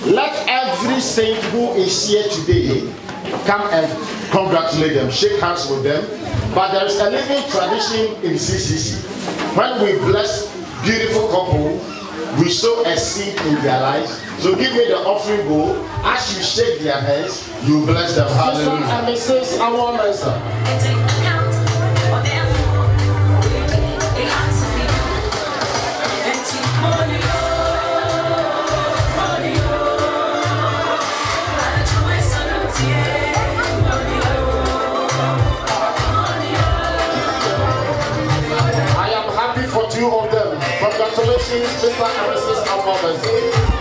Let every saint who is here today come and congratulate them, shake hands with them. But there is a living tradition in CCC. When we bless beautiful couple, we sow a seed in their lives. So give me the offering bowl. As you shake their hands, you bless them. Hallelujah. she's been my ever since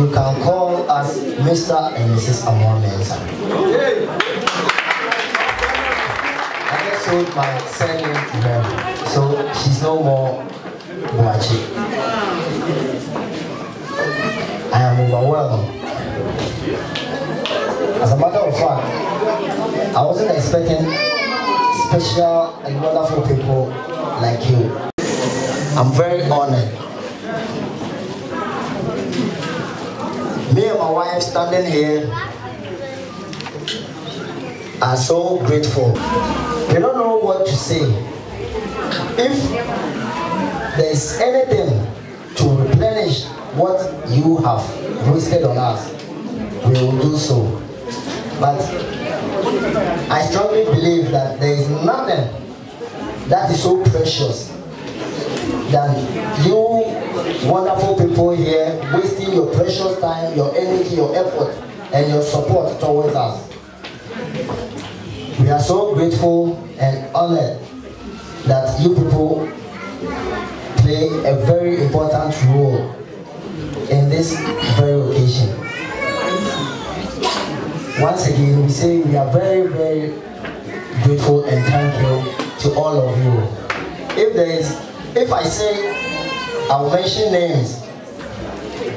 you can call us Mr. and Mrs. Amor Mensah. Okay. I just sold my second to her, so she's no more Boachi. I am overwhelmed. As a matter of fact, I wasn't expecting special and wonderful people like you. I'm very honored Me and my wife standing here are so grateful. We don't know what to say. If there's anything to replenish what you have wasted on us, we will do so. But I strongly believe that there is nothing that is so precious than you wonderful people here wasting your precious time, your energy, your effort, and your support towards us. We are so grateful and honored that you people play a very important role in this very occasion. Once again, we say we are very, very grateful and thankful to all of you. If there is If I say I'll mention names,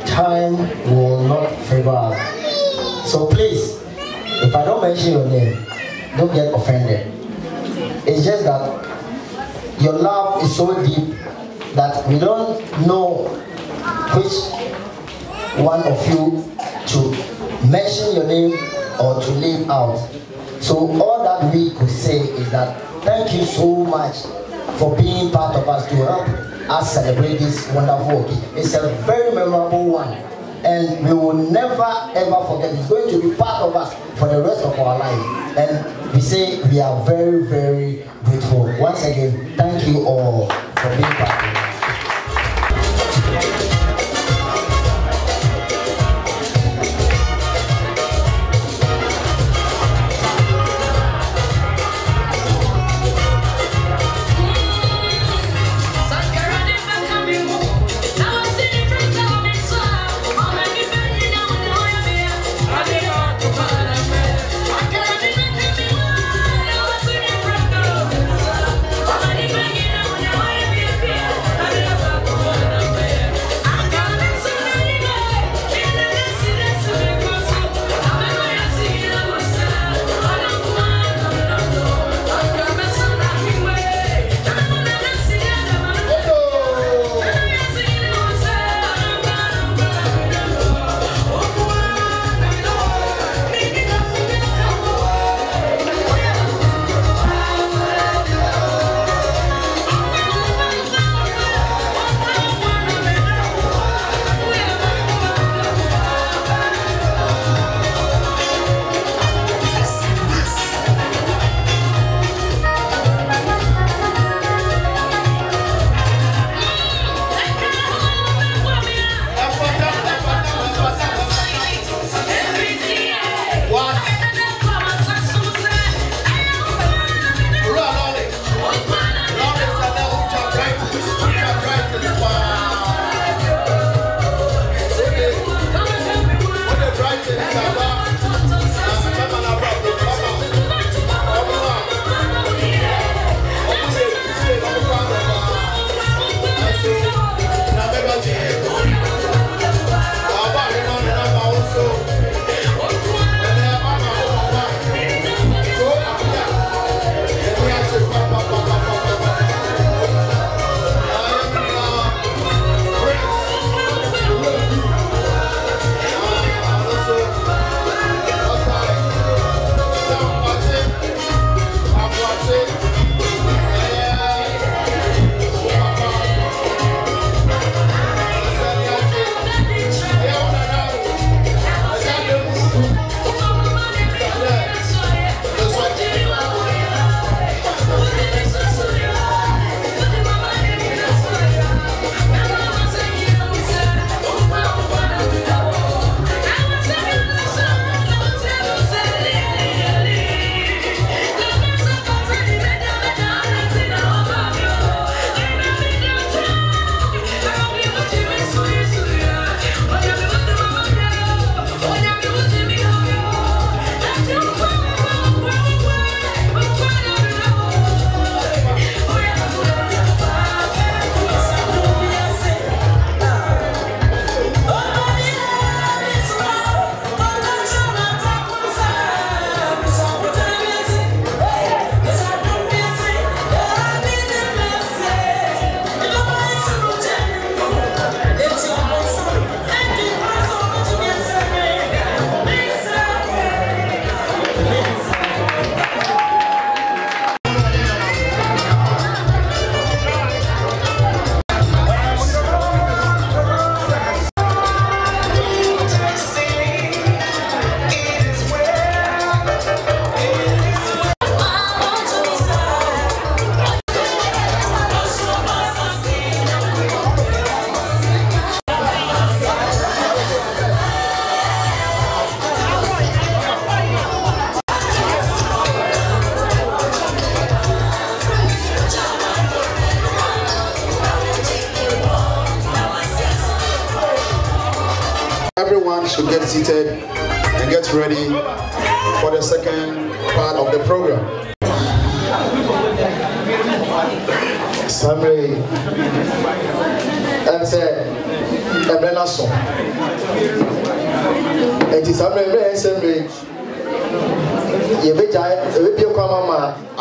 time will not favor us. So please, if I don't mention your name, don't get offended. It's just that your love is so deep that we don't know which one of you to mention your name or to leave out. So all that we could say is that thank you so much for being part of us to help us celebrate this wonderful occasion. It's a very memorable one and we will never ever forget. It's going to be part of us for the rest of our life. And we say we are very, very grateful. Once again, thank you all for being part of us.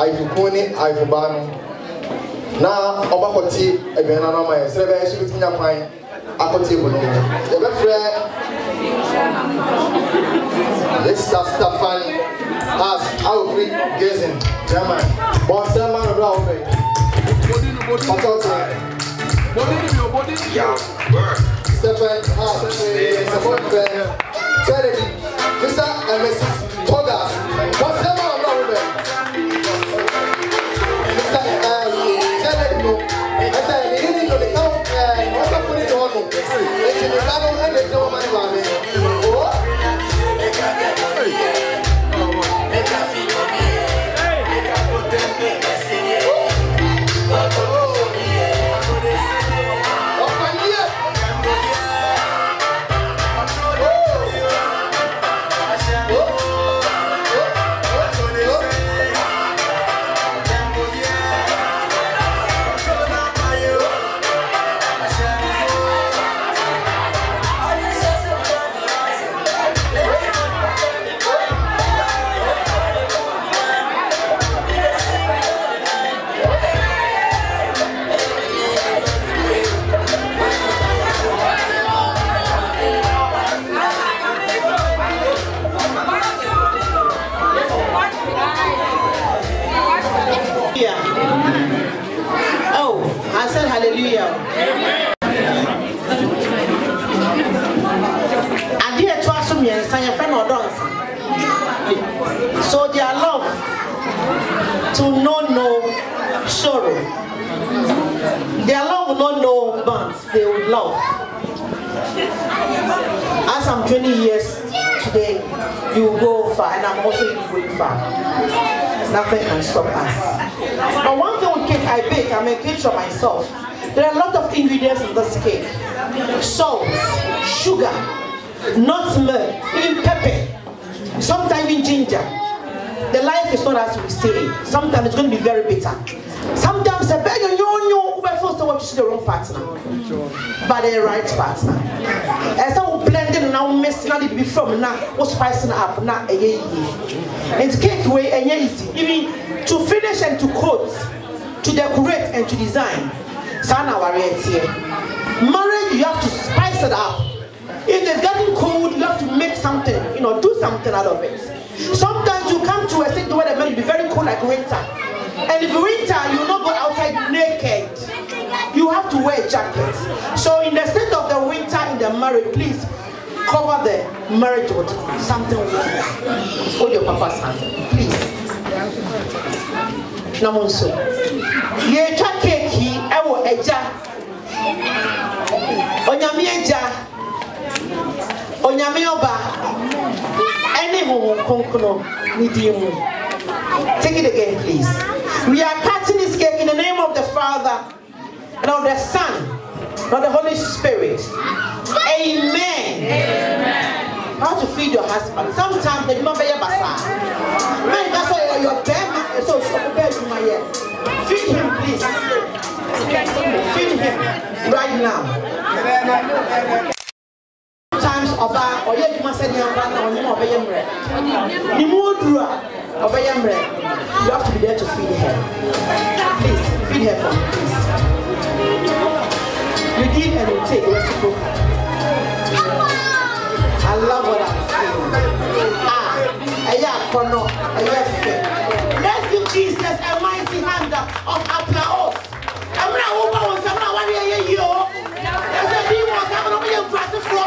ayifukun ne ayifubaa no na ɔba kɔte aduane no ama yɛ sɛ bɛyɛ so bi tinya kwan akɔ table no yɛbɛfrɛ lisa stefan as awofri gazin german bɔnsɛn ma no do awofrɛ ɔtɔtɔ stefan as ɛfɔfrɛ tɛrɛbi mr and mrs. deu então, amarelado. should not know sorrow. Their love will not know bonds, they will love. As I'm 20 years today, you will go far, and I'm also going far. Nothing can stop us. But one thing with cake I bake, I make it for myself. There are a lot of ingredients in this cake. Salt, sugar, nutmeg, even pepper, sometimes even ginger. the life is not as we say. Sometimes it's going to be very bitter. Sometimes a beggar you knew who first to watch the wrong partner, but the right partner. And some blending now messing up it from now was spicing up now a year. And cake way eh, and easy. Even to finish and to coat, to decorate and to design. Sana warriors here. Marriage, you have to spice it up. If it's getting cold, you have to make something, you know, do something out of it. Sometimes you come to a state where the men will be very cold like winter. And if winter, you not go outside naked. You have to wear jackets. So in the state of the winter in the marriage, please cover the marriage with something warm. Hold your papa's hand, please. Namunso. so. Yetwa cake yi ɛwɔ ɛgya. Onyame eja. Onyame oba. medium. Take it again, please. We are cutting this cake in the name of the Father, and of the Son, and of the Holy Spirit. Amen. Amen. How to feed your husband. Sometimes they do not remember your bazaar. Man, that's why your man. so bed my head. Feed him, please. Feed him right now. ɔbaa ɔyɛ adwuma sɛdeɛ ɔbaa na ɔnim ɔbɛyɛ mmerɛ ne mu oduru a ɔbɛyɛ mmerɛ you have to be there to feed her please feed her for me. you give and you take reciprocal I love what I'm saying ah ɛyɛ akɔnɔ ɛyɛ fɛ let's give Jesus a mighty hand of applause ɛmuna wo bá wọn sɛ ɛmuna wọn yɛ yɛ yie o ɛsɛ bí wọn sɛ ɛmuna wọn yɛ nkurasi fún ọ.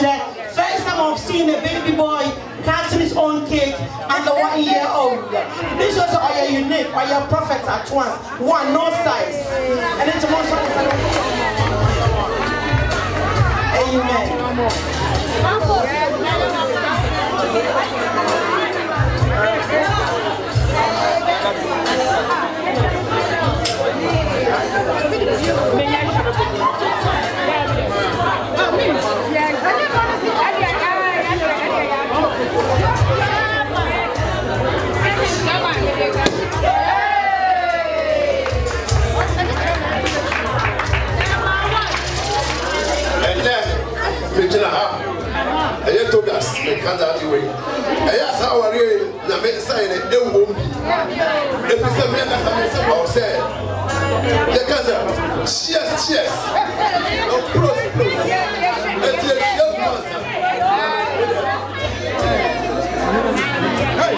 that first time I've seen a baby boy catching his own cake the one year old. This shows how your are unique, or your perfect at once. One, no size. And then tomorrow, Amen. Amen. gyina ha ɛyɛ togas meka daade wei ɛyɛ asa aware na me ne ɛwom ɛfi sɛ meɛkasa me sɛ bawo sɛ yɛka sɛ cheers cheers ɔpros pros ɛti ɛhyia mu ansa Hey!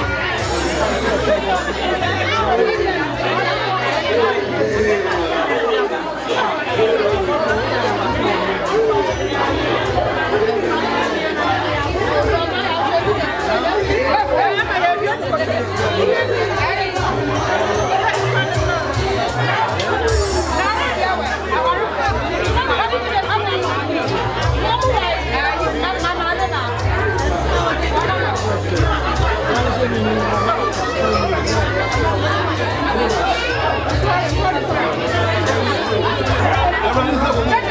Vamos lá, vamos lá.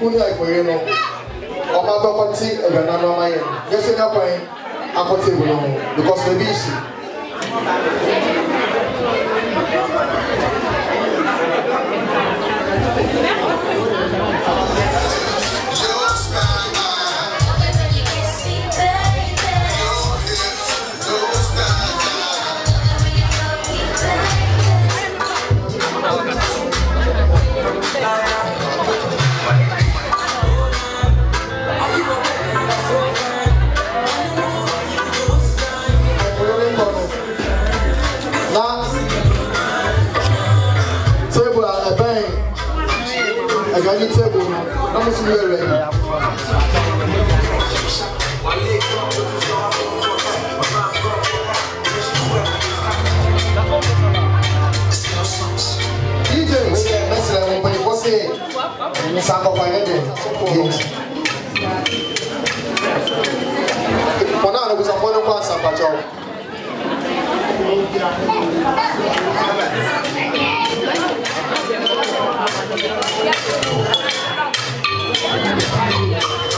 kúnyà ìkòyè no ɔmo atɔkɔ ti ɛbɛnanɔma yɛ yɛsɛ nyakwan akɔtɛ wuli ho because baabi yi si. ẹni tẹ́bù nù ọmọ sùn lé rẹ̀. DJ mẹsìlẹ̀ ẹ̀wọ̀n pẹ̀lú kọ́ sí ẹ̀ sakọ̀pọ̀ ẹ̀ dẹ̀ gate. Pọ̀nà àlùbùsà fọ́nà kọ́ Thank you. Thank you.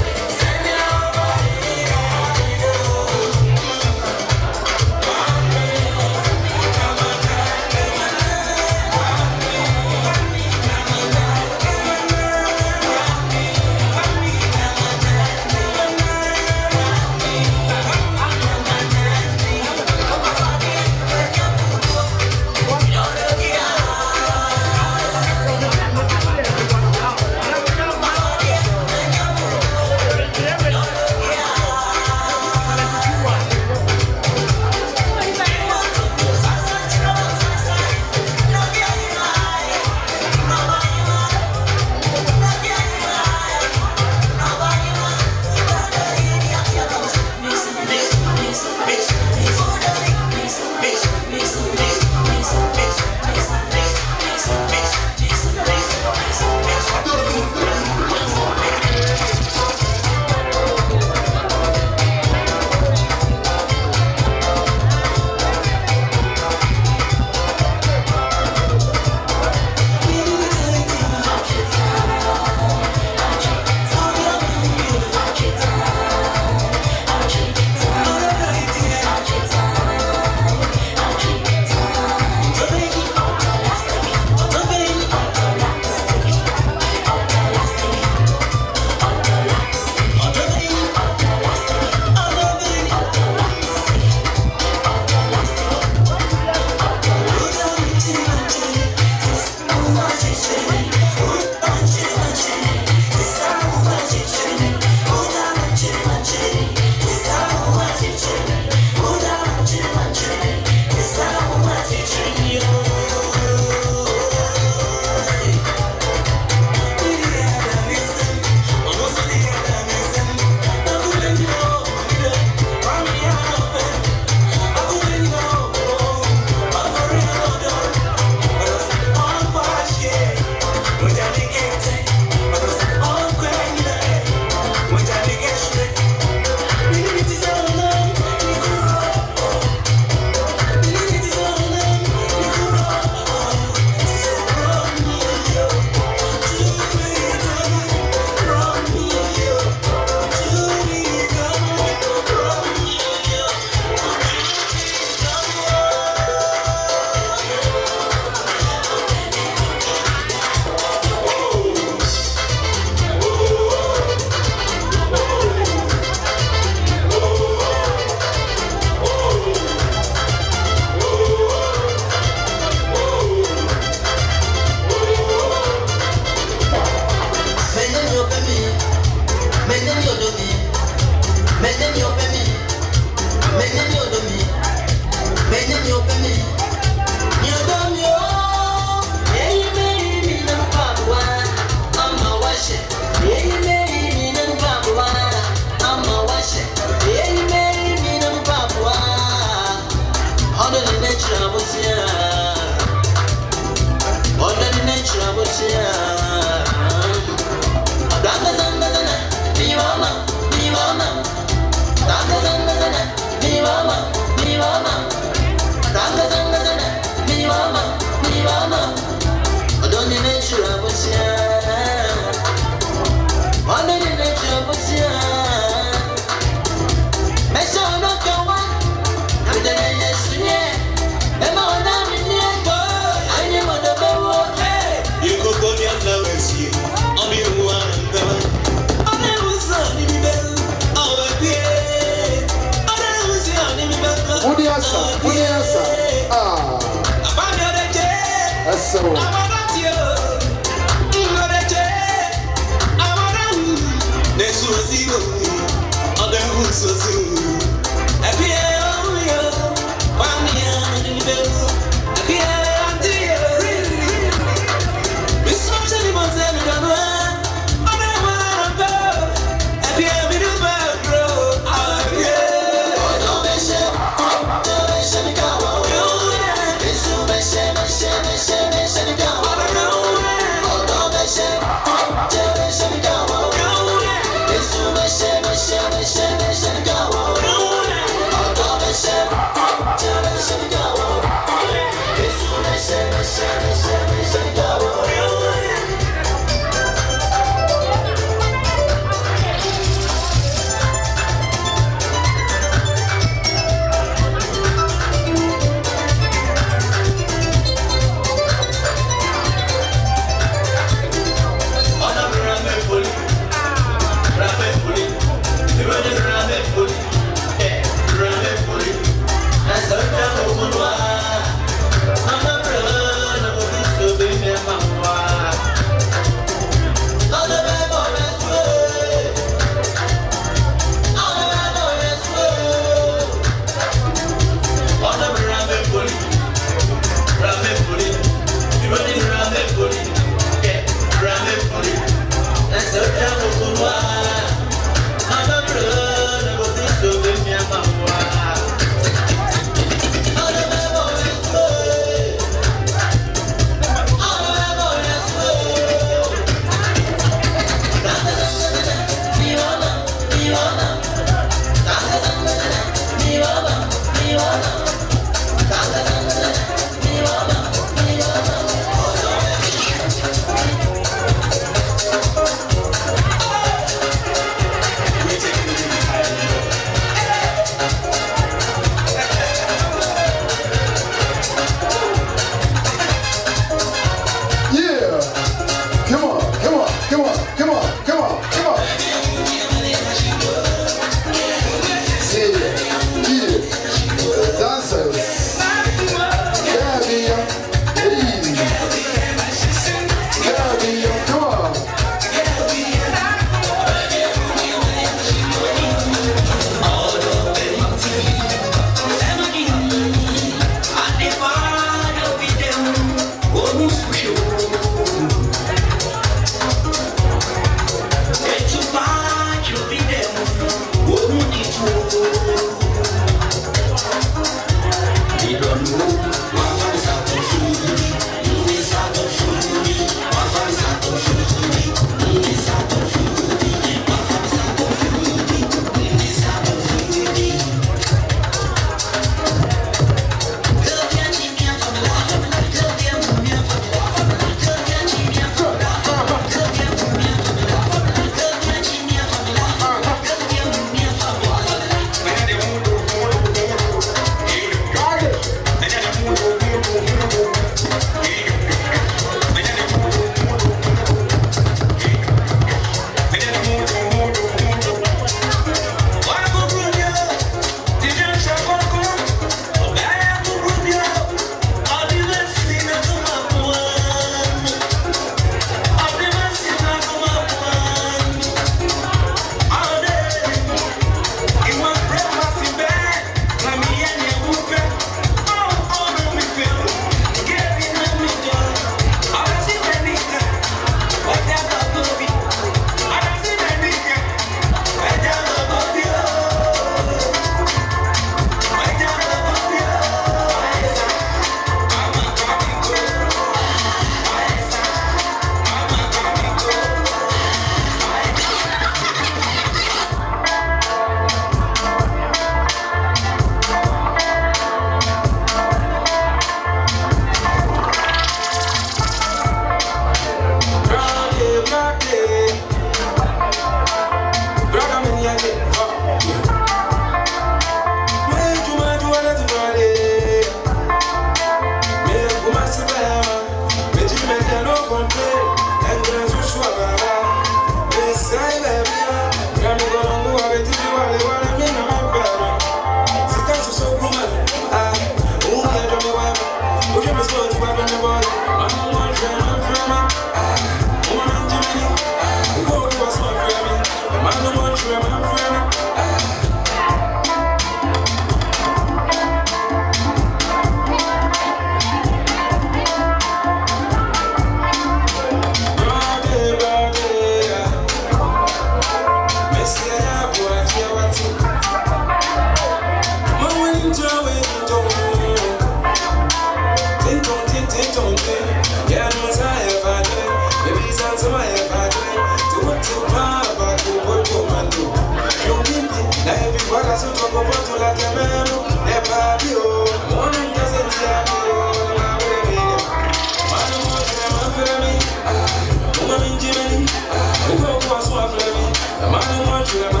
Yeah.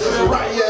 Right, yeah.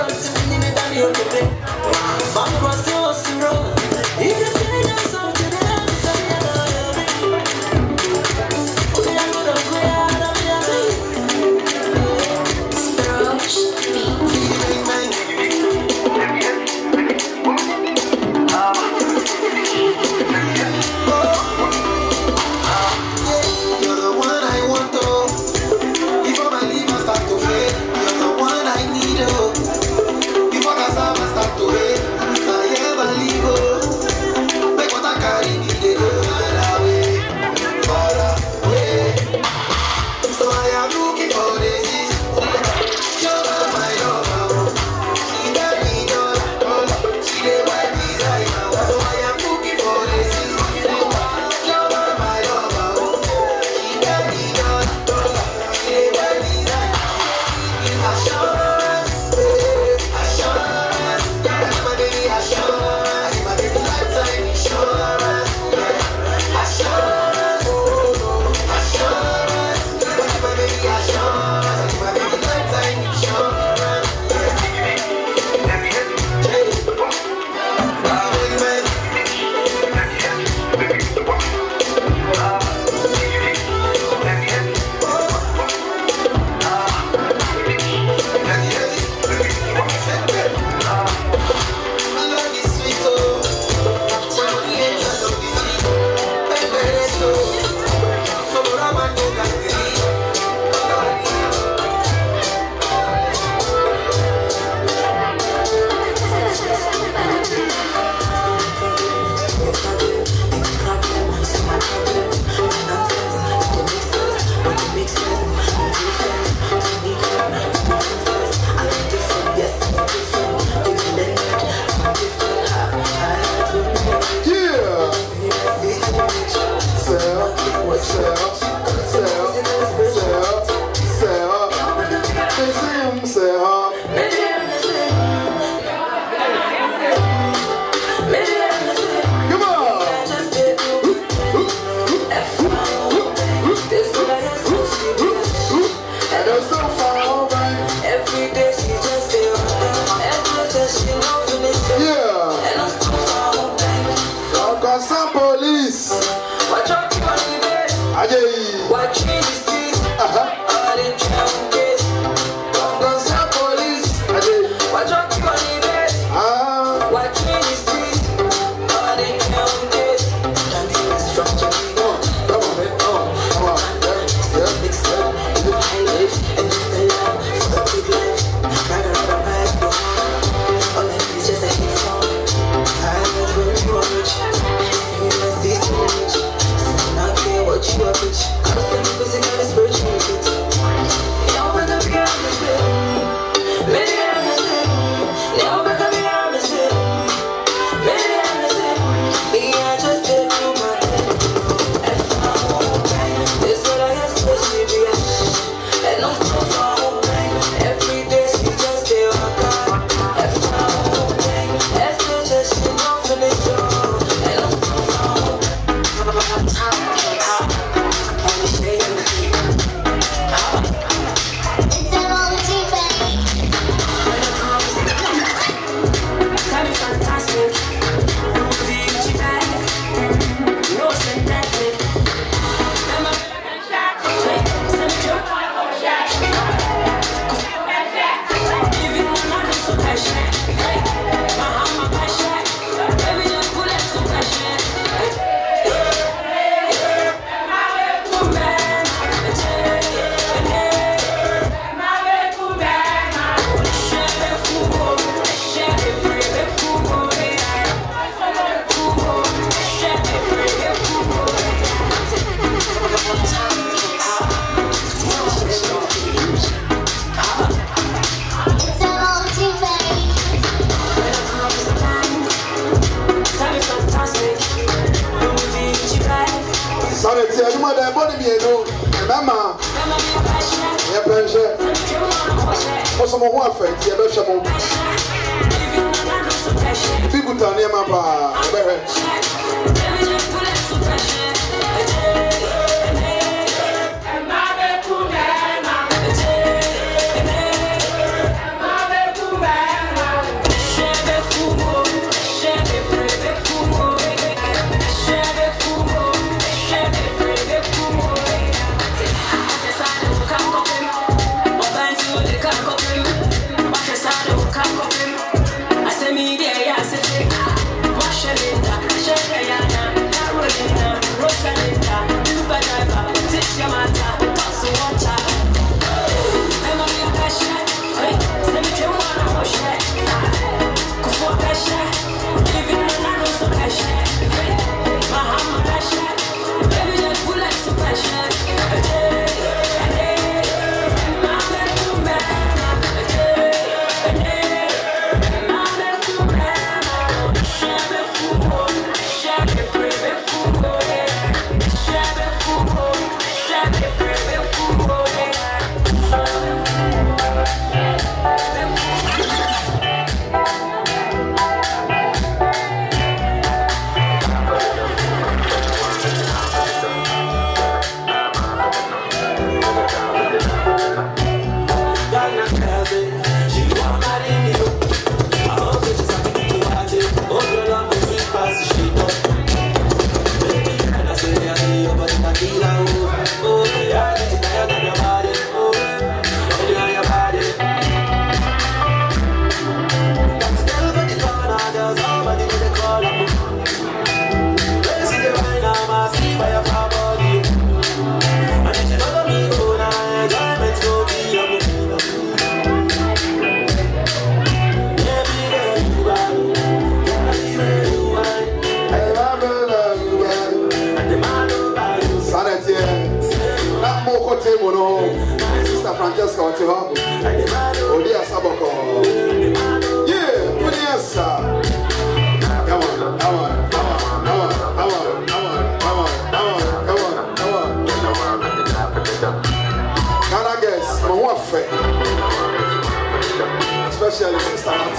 Back across the ocean road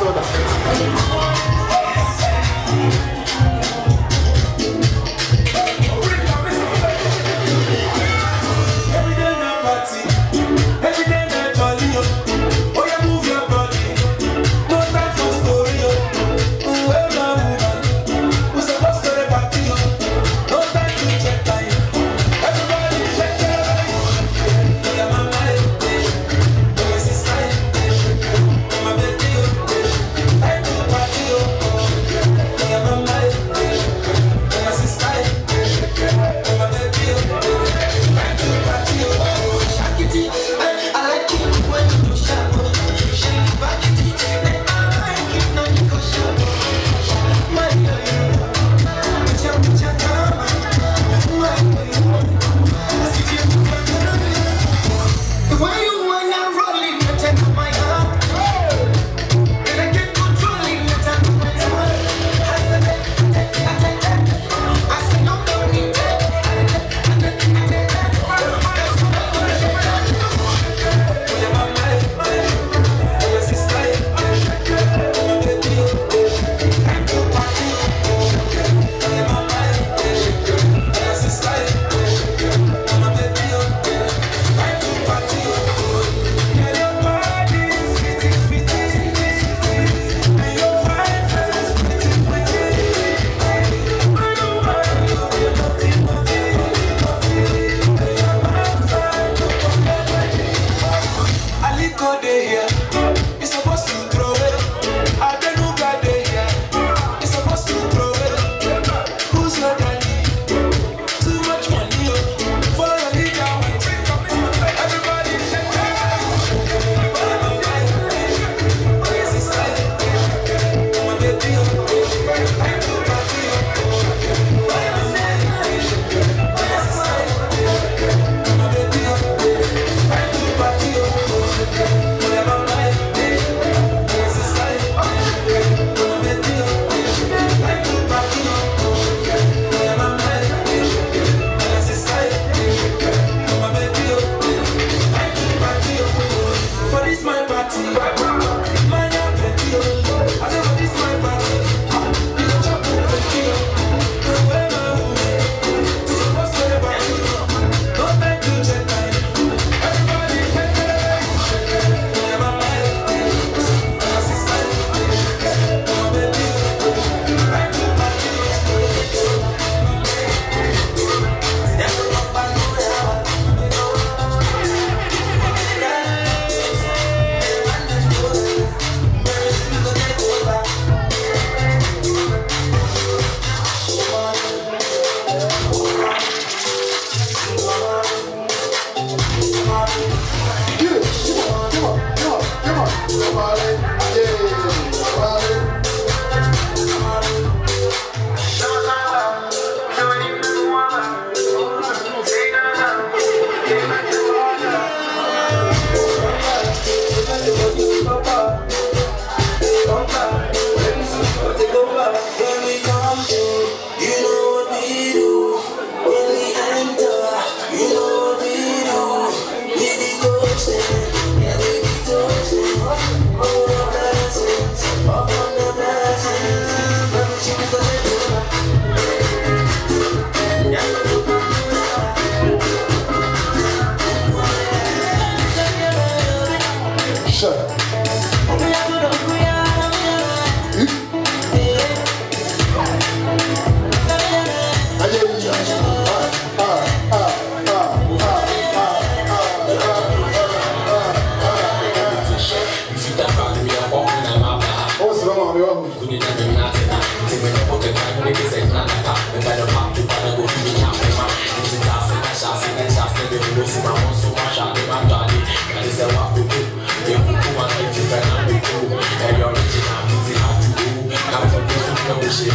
そうだ sir. Hoje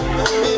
Amen.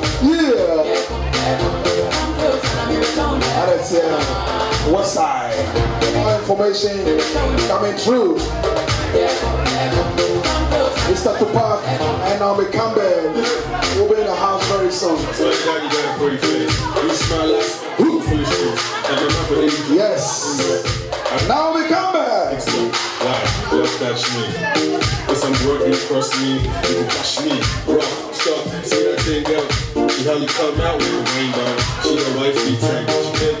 Internet here, side. More information coming through. Mr. Tupac and Naomi Campbell will be in the house very soon. Yes. And now we come back. Like, love touch me. Cause I'm working across me. You can touch me. Rough, stop, see that thing out. She hardly come out with a rainbow. She got white feet tank. She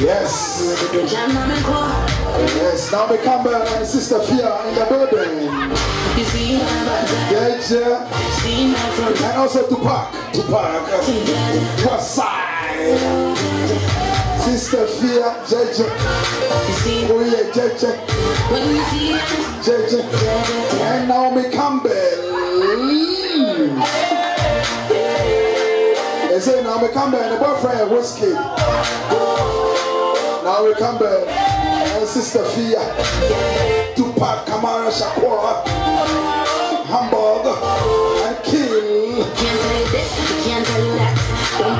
Yes. Yes. Now we come back uh, and Sister Fia in the building. Get ya. And also Tupac. Tupac. Kasai. Sister Fia, JJ. Oh yeah, JJ. JJ. And now we come back. They say now we come back, the boyfriend whiskey. Now we come back, and sister Fia, Tupac Kamara Shakur.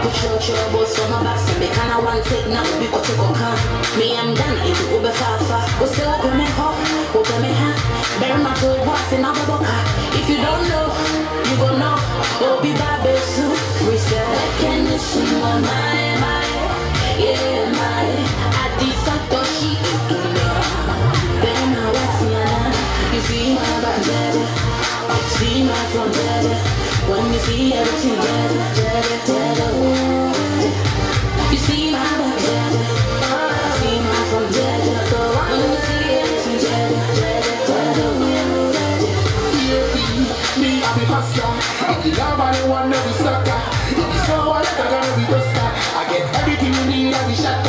the church here, but so my boss me kinda want take now we got to conquer. Me and Dan into Uber Fafa, we still open me up, open me hand, bury my good what's in our boca. If you don't know, you gon' know. Oh, be baby soon, we still. Can this my my my, yeah my, I decide to she do Bury my what's in You see my baby, see my from when you see everything You see my back dead, see my from dead, When you see everything I you love anyone, no be sucker. If you saw get everything you need, I be shatter.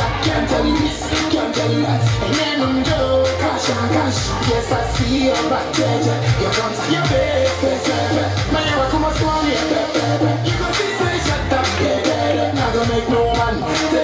Shagash, yes I see you back there You come to your base, baby Man, you come and swan it, baby You can see, say, shut up, yeah, Now don't make no man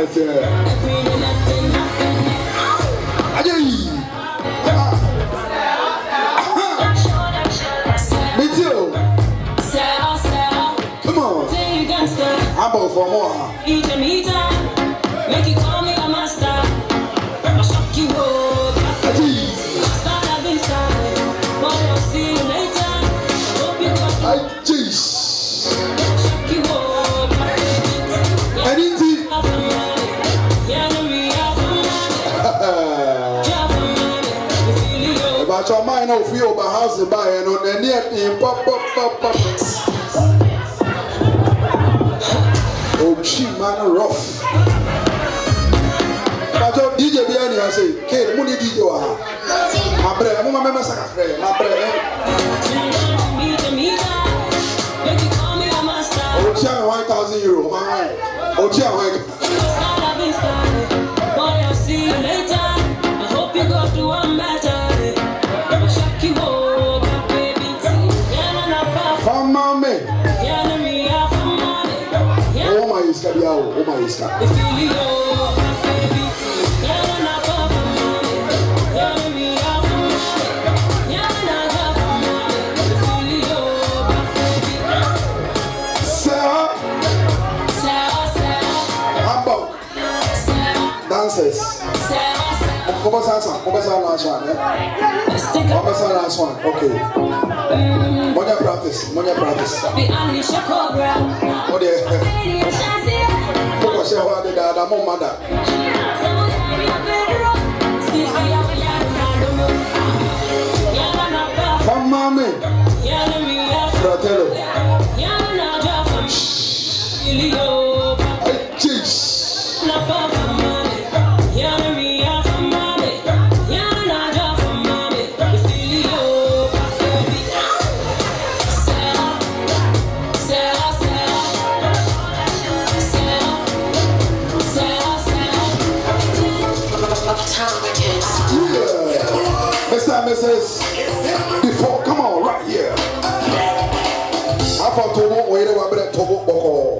Me too. Come on. I'm for more. na ofi ọba house baayɛ no n'ani ɛpin papapapa otwi ma no rough pàtó dj bi I say, kid, mu ni dj wà Abre, abrɛ ɛmu ma mɛmɛ saka frɛ ma brɛ ɛ. otwi a one thousand euro Oh, she a one. Boy, i see you later. Dancers. Come on, dancers. Come on, dancers. Come on, Sansa. Officer last one. Okay. Moja practice. Moja practice. Oh dear. Kókò ṣe wá dé dáadáa mọ́ mọ́dà. Fọ́n máa mi. oire wa mbere tå gå boko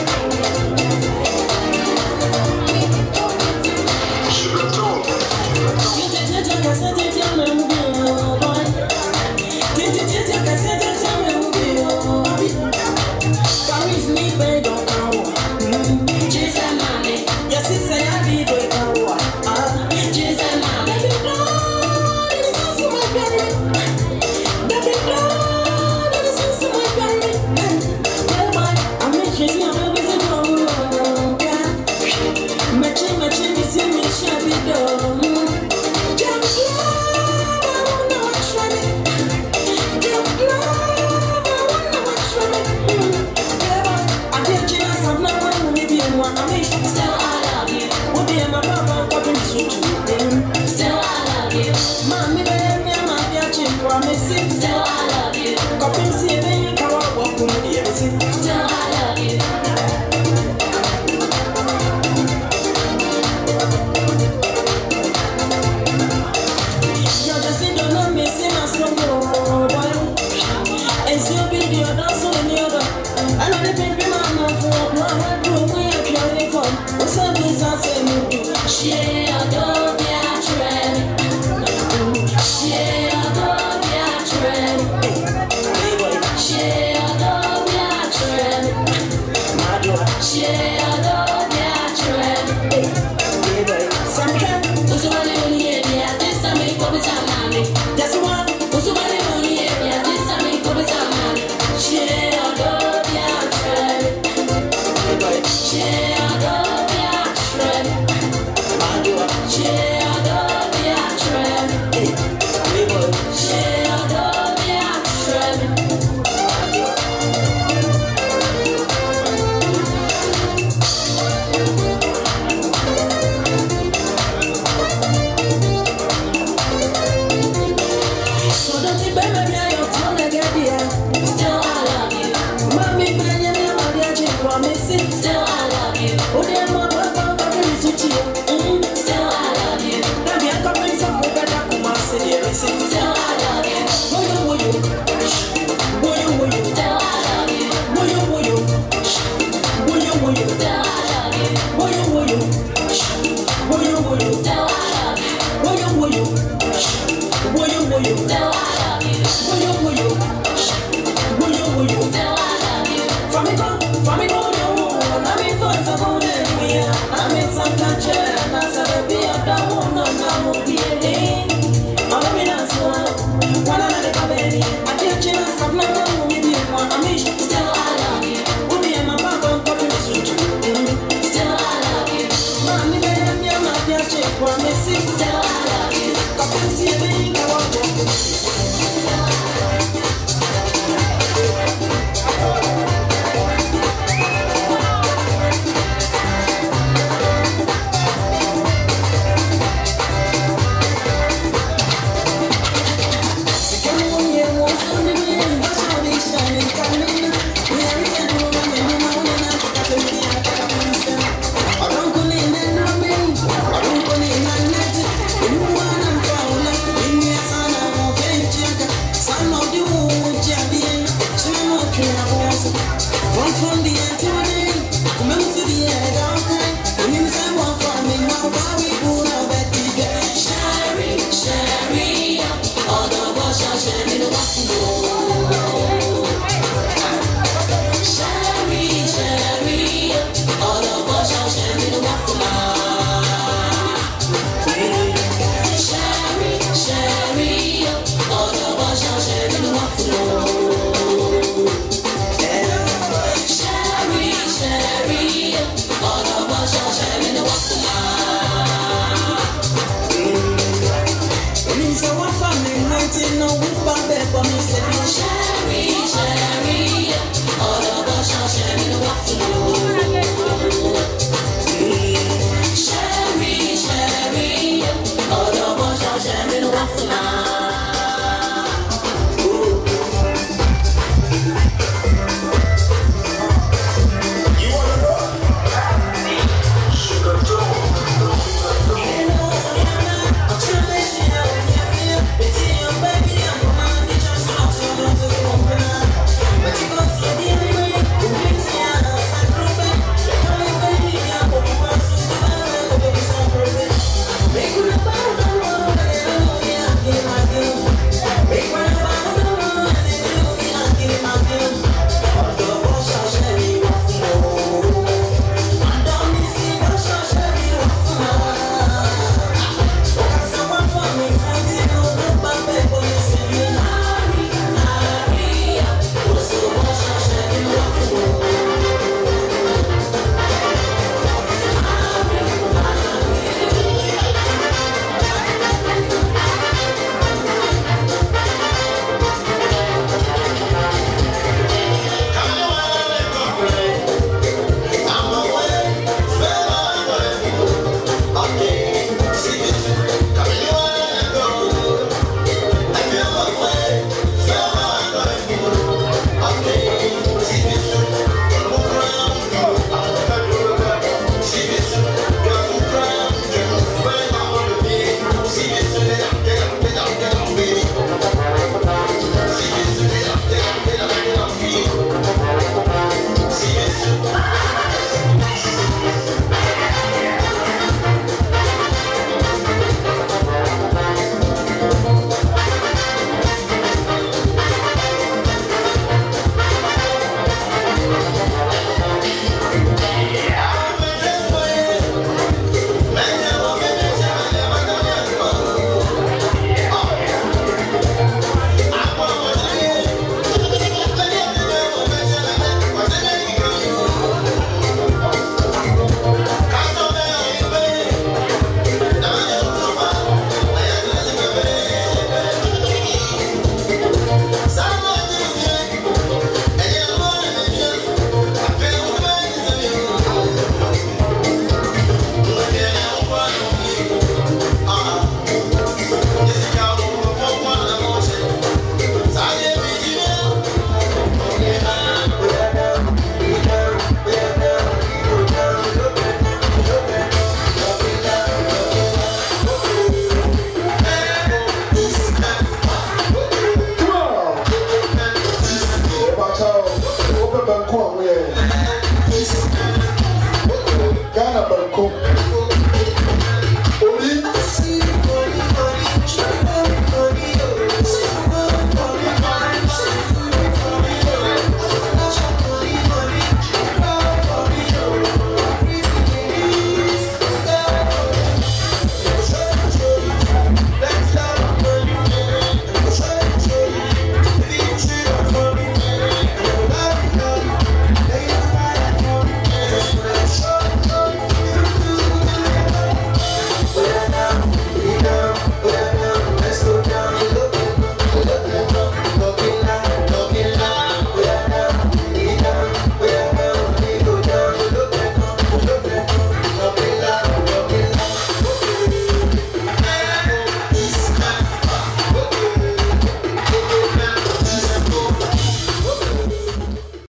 Thank you.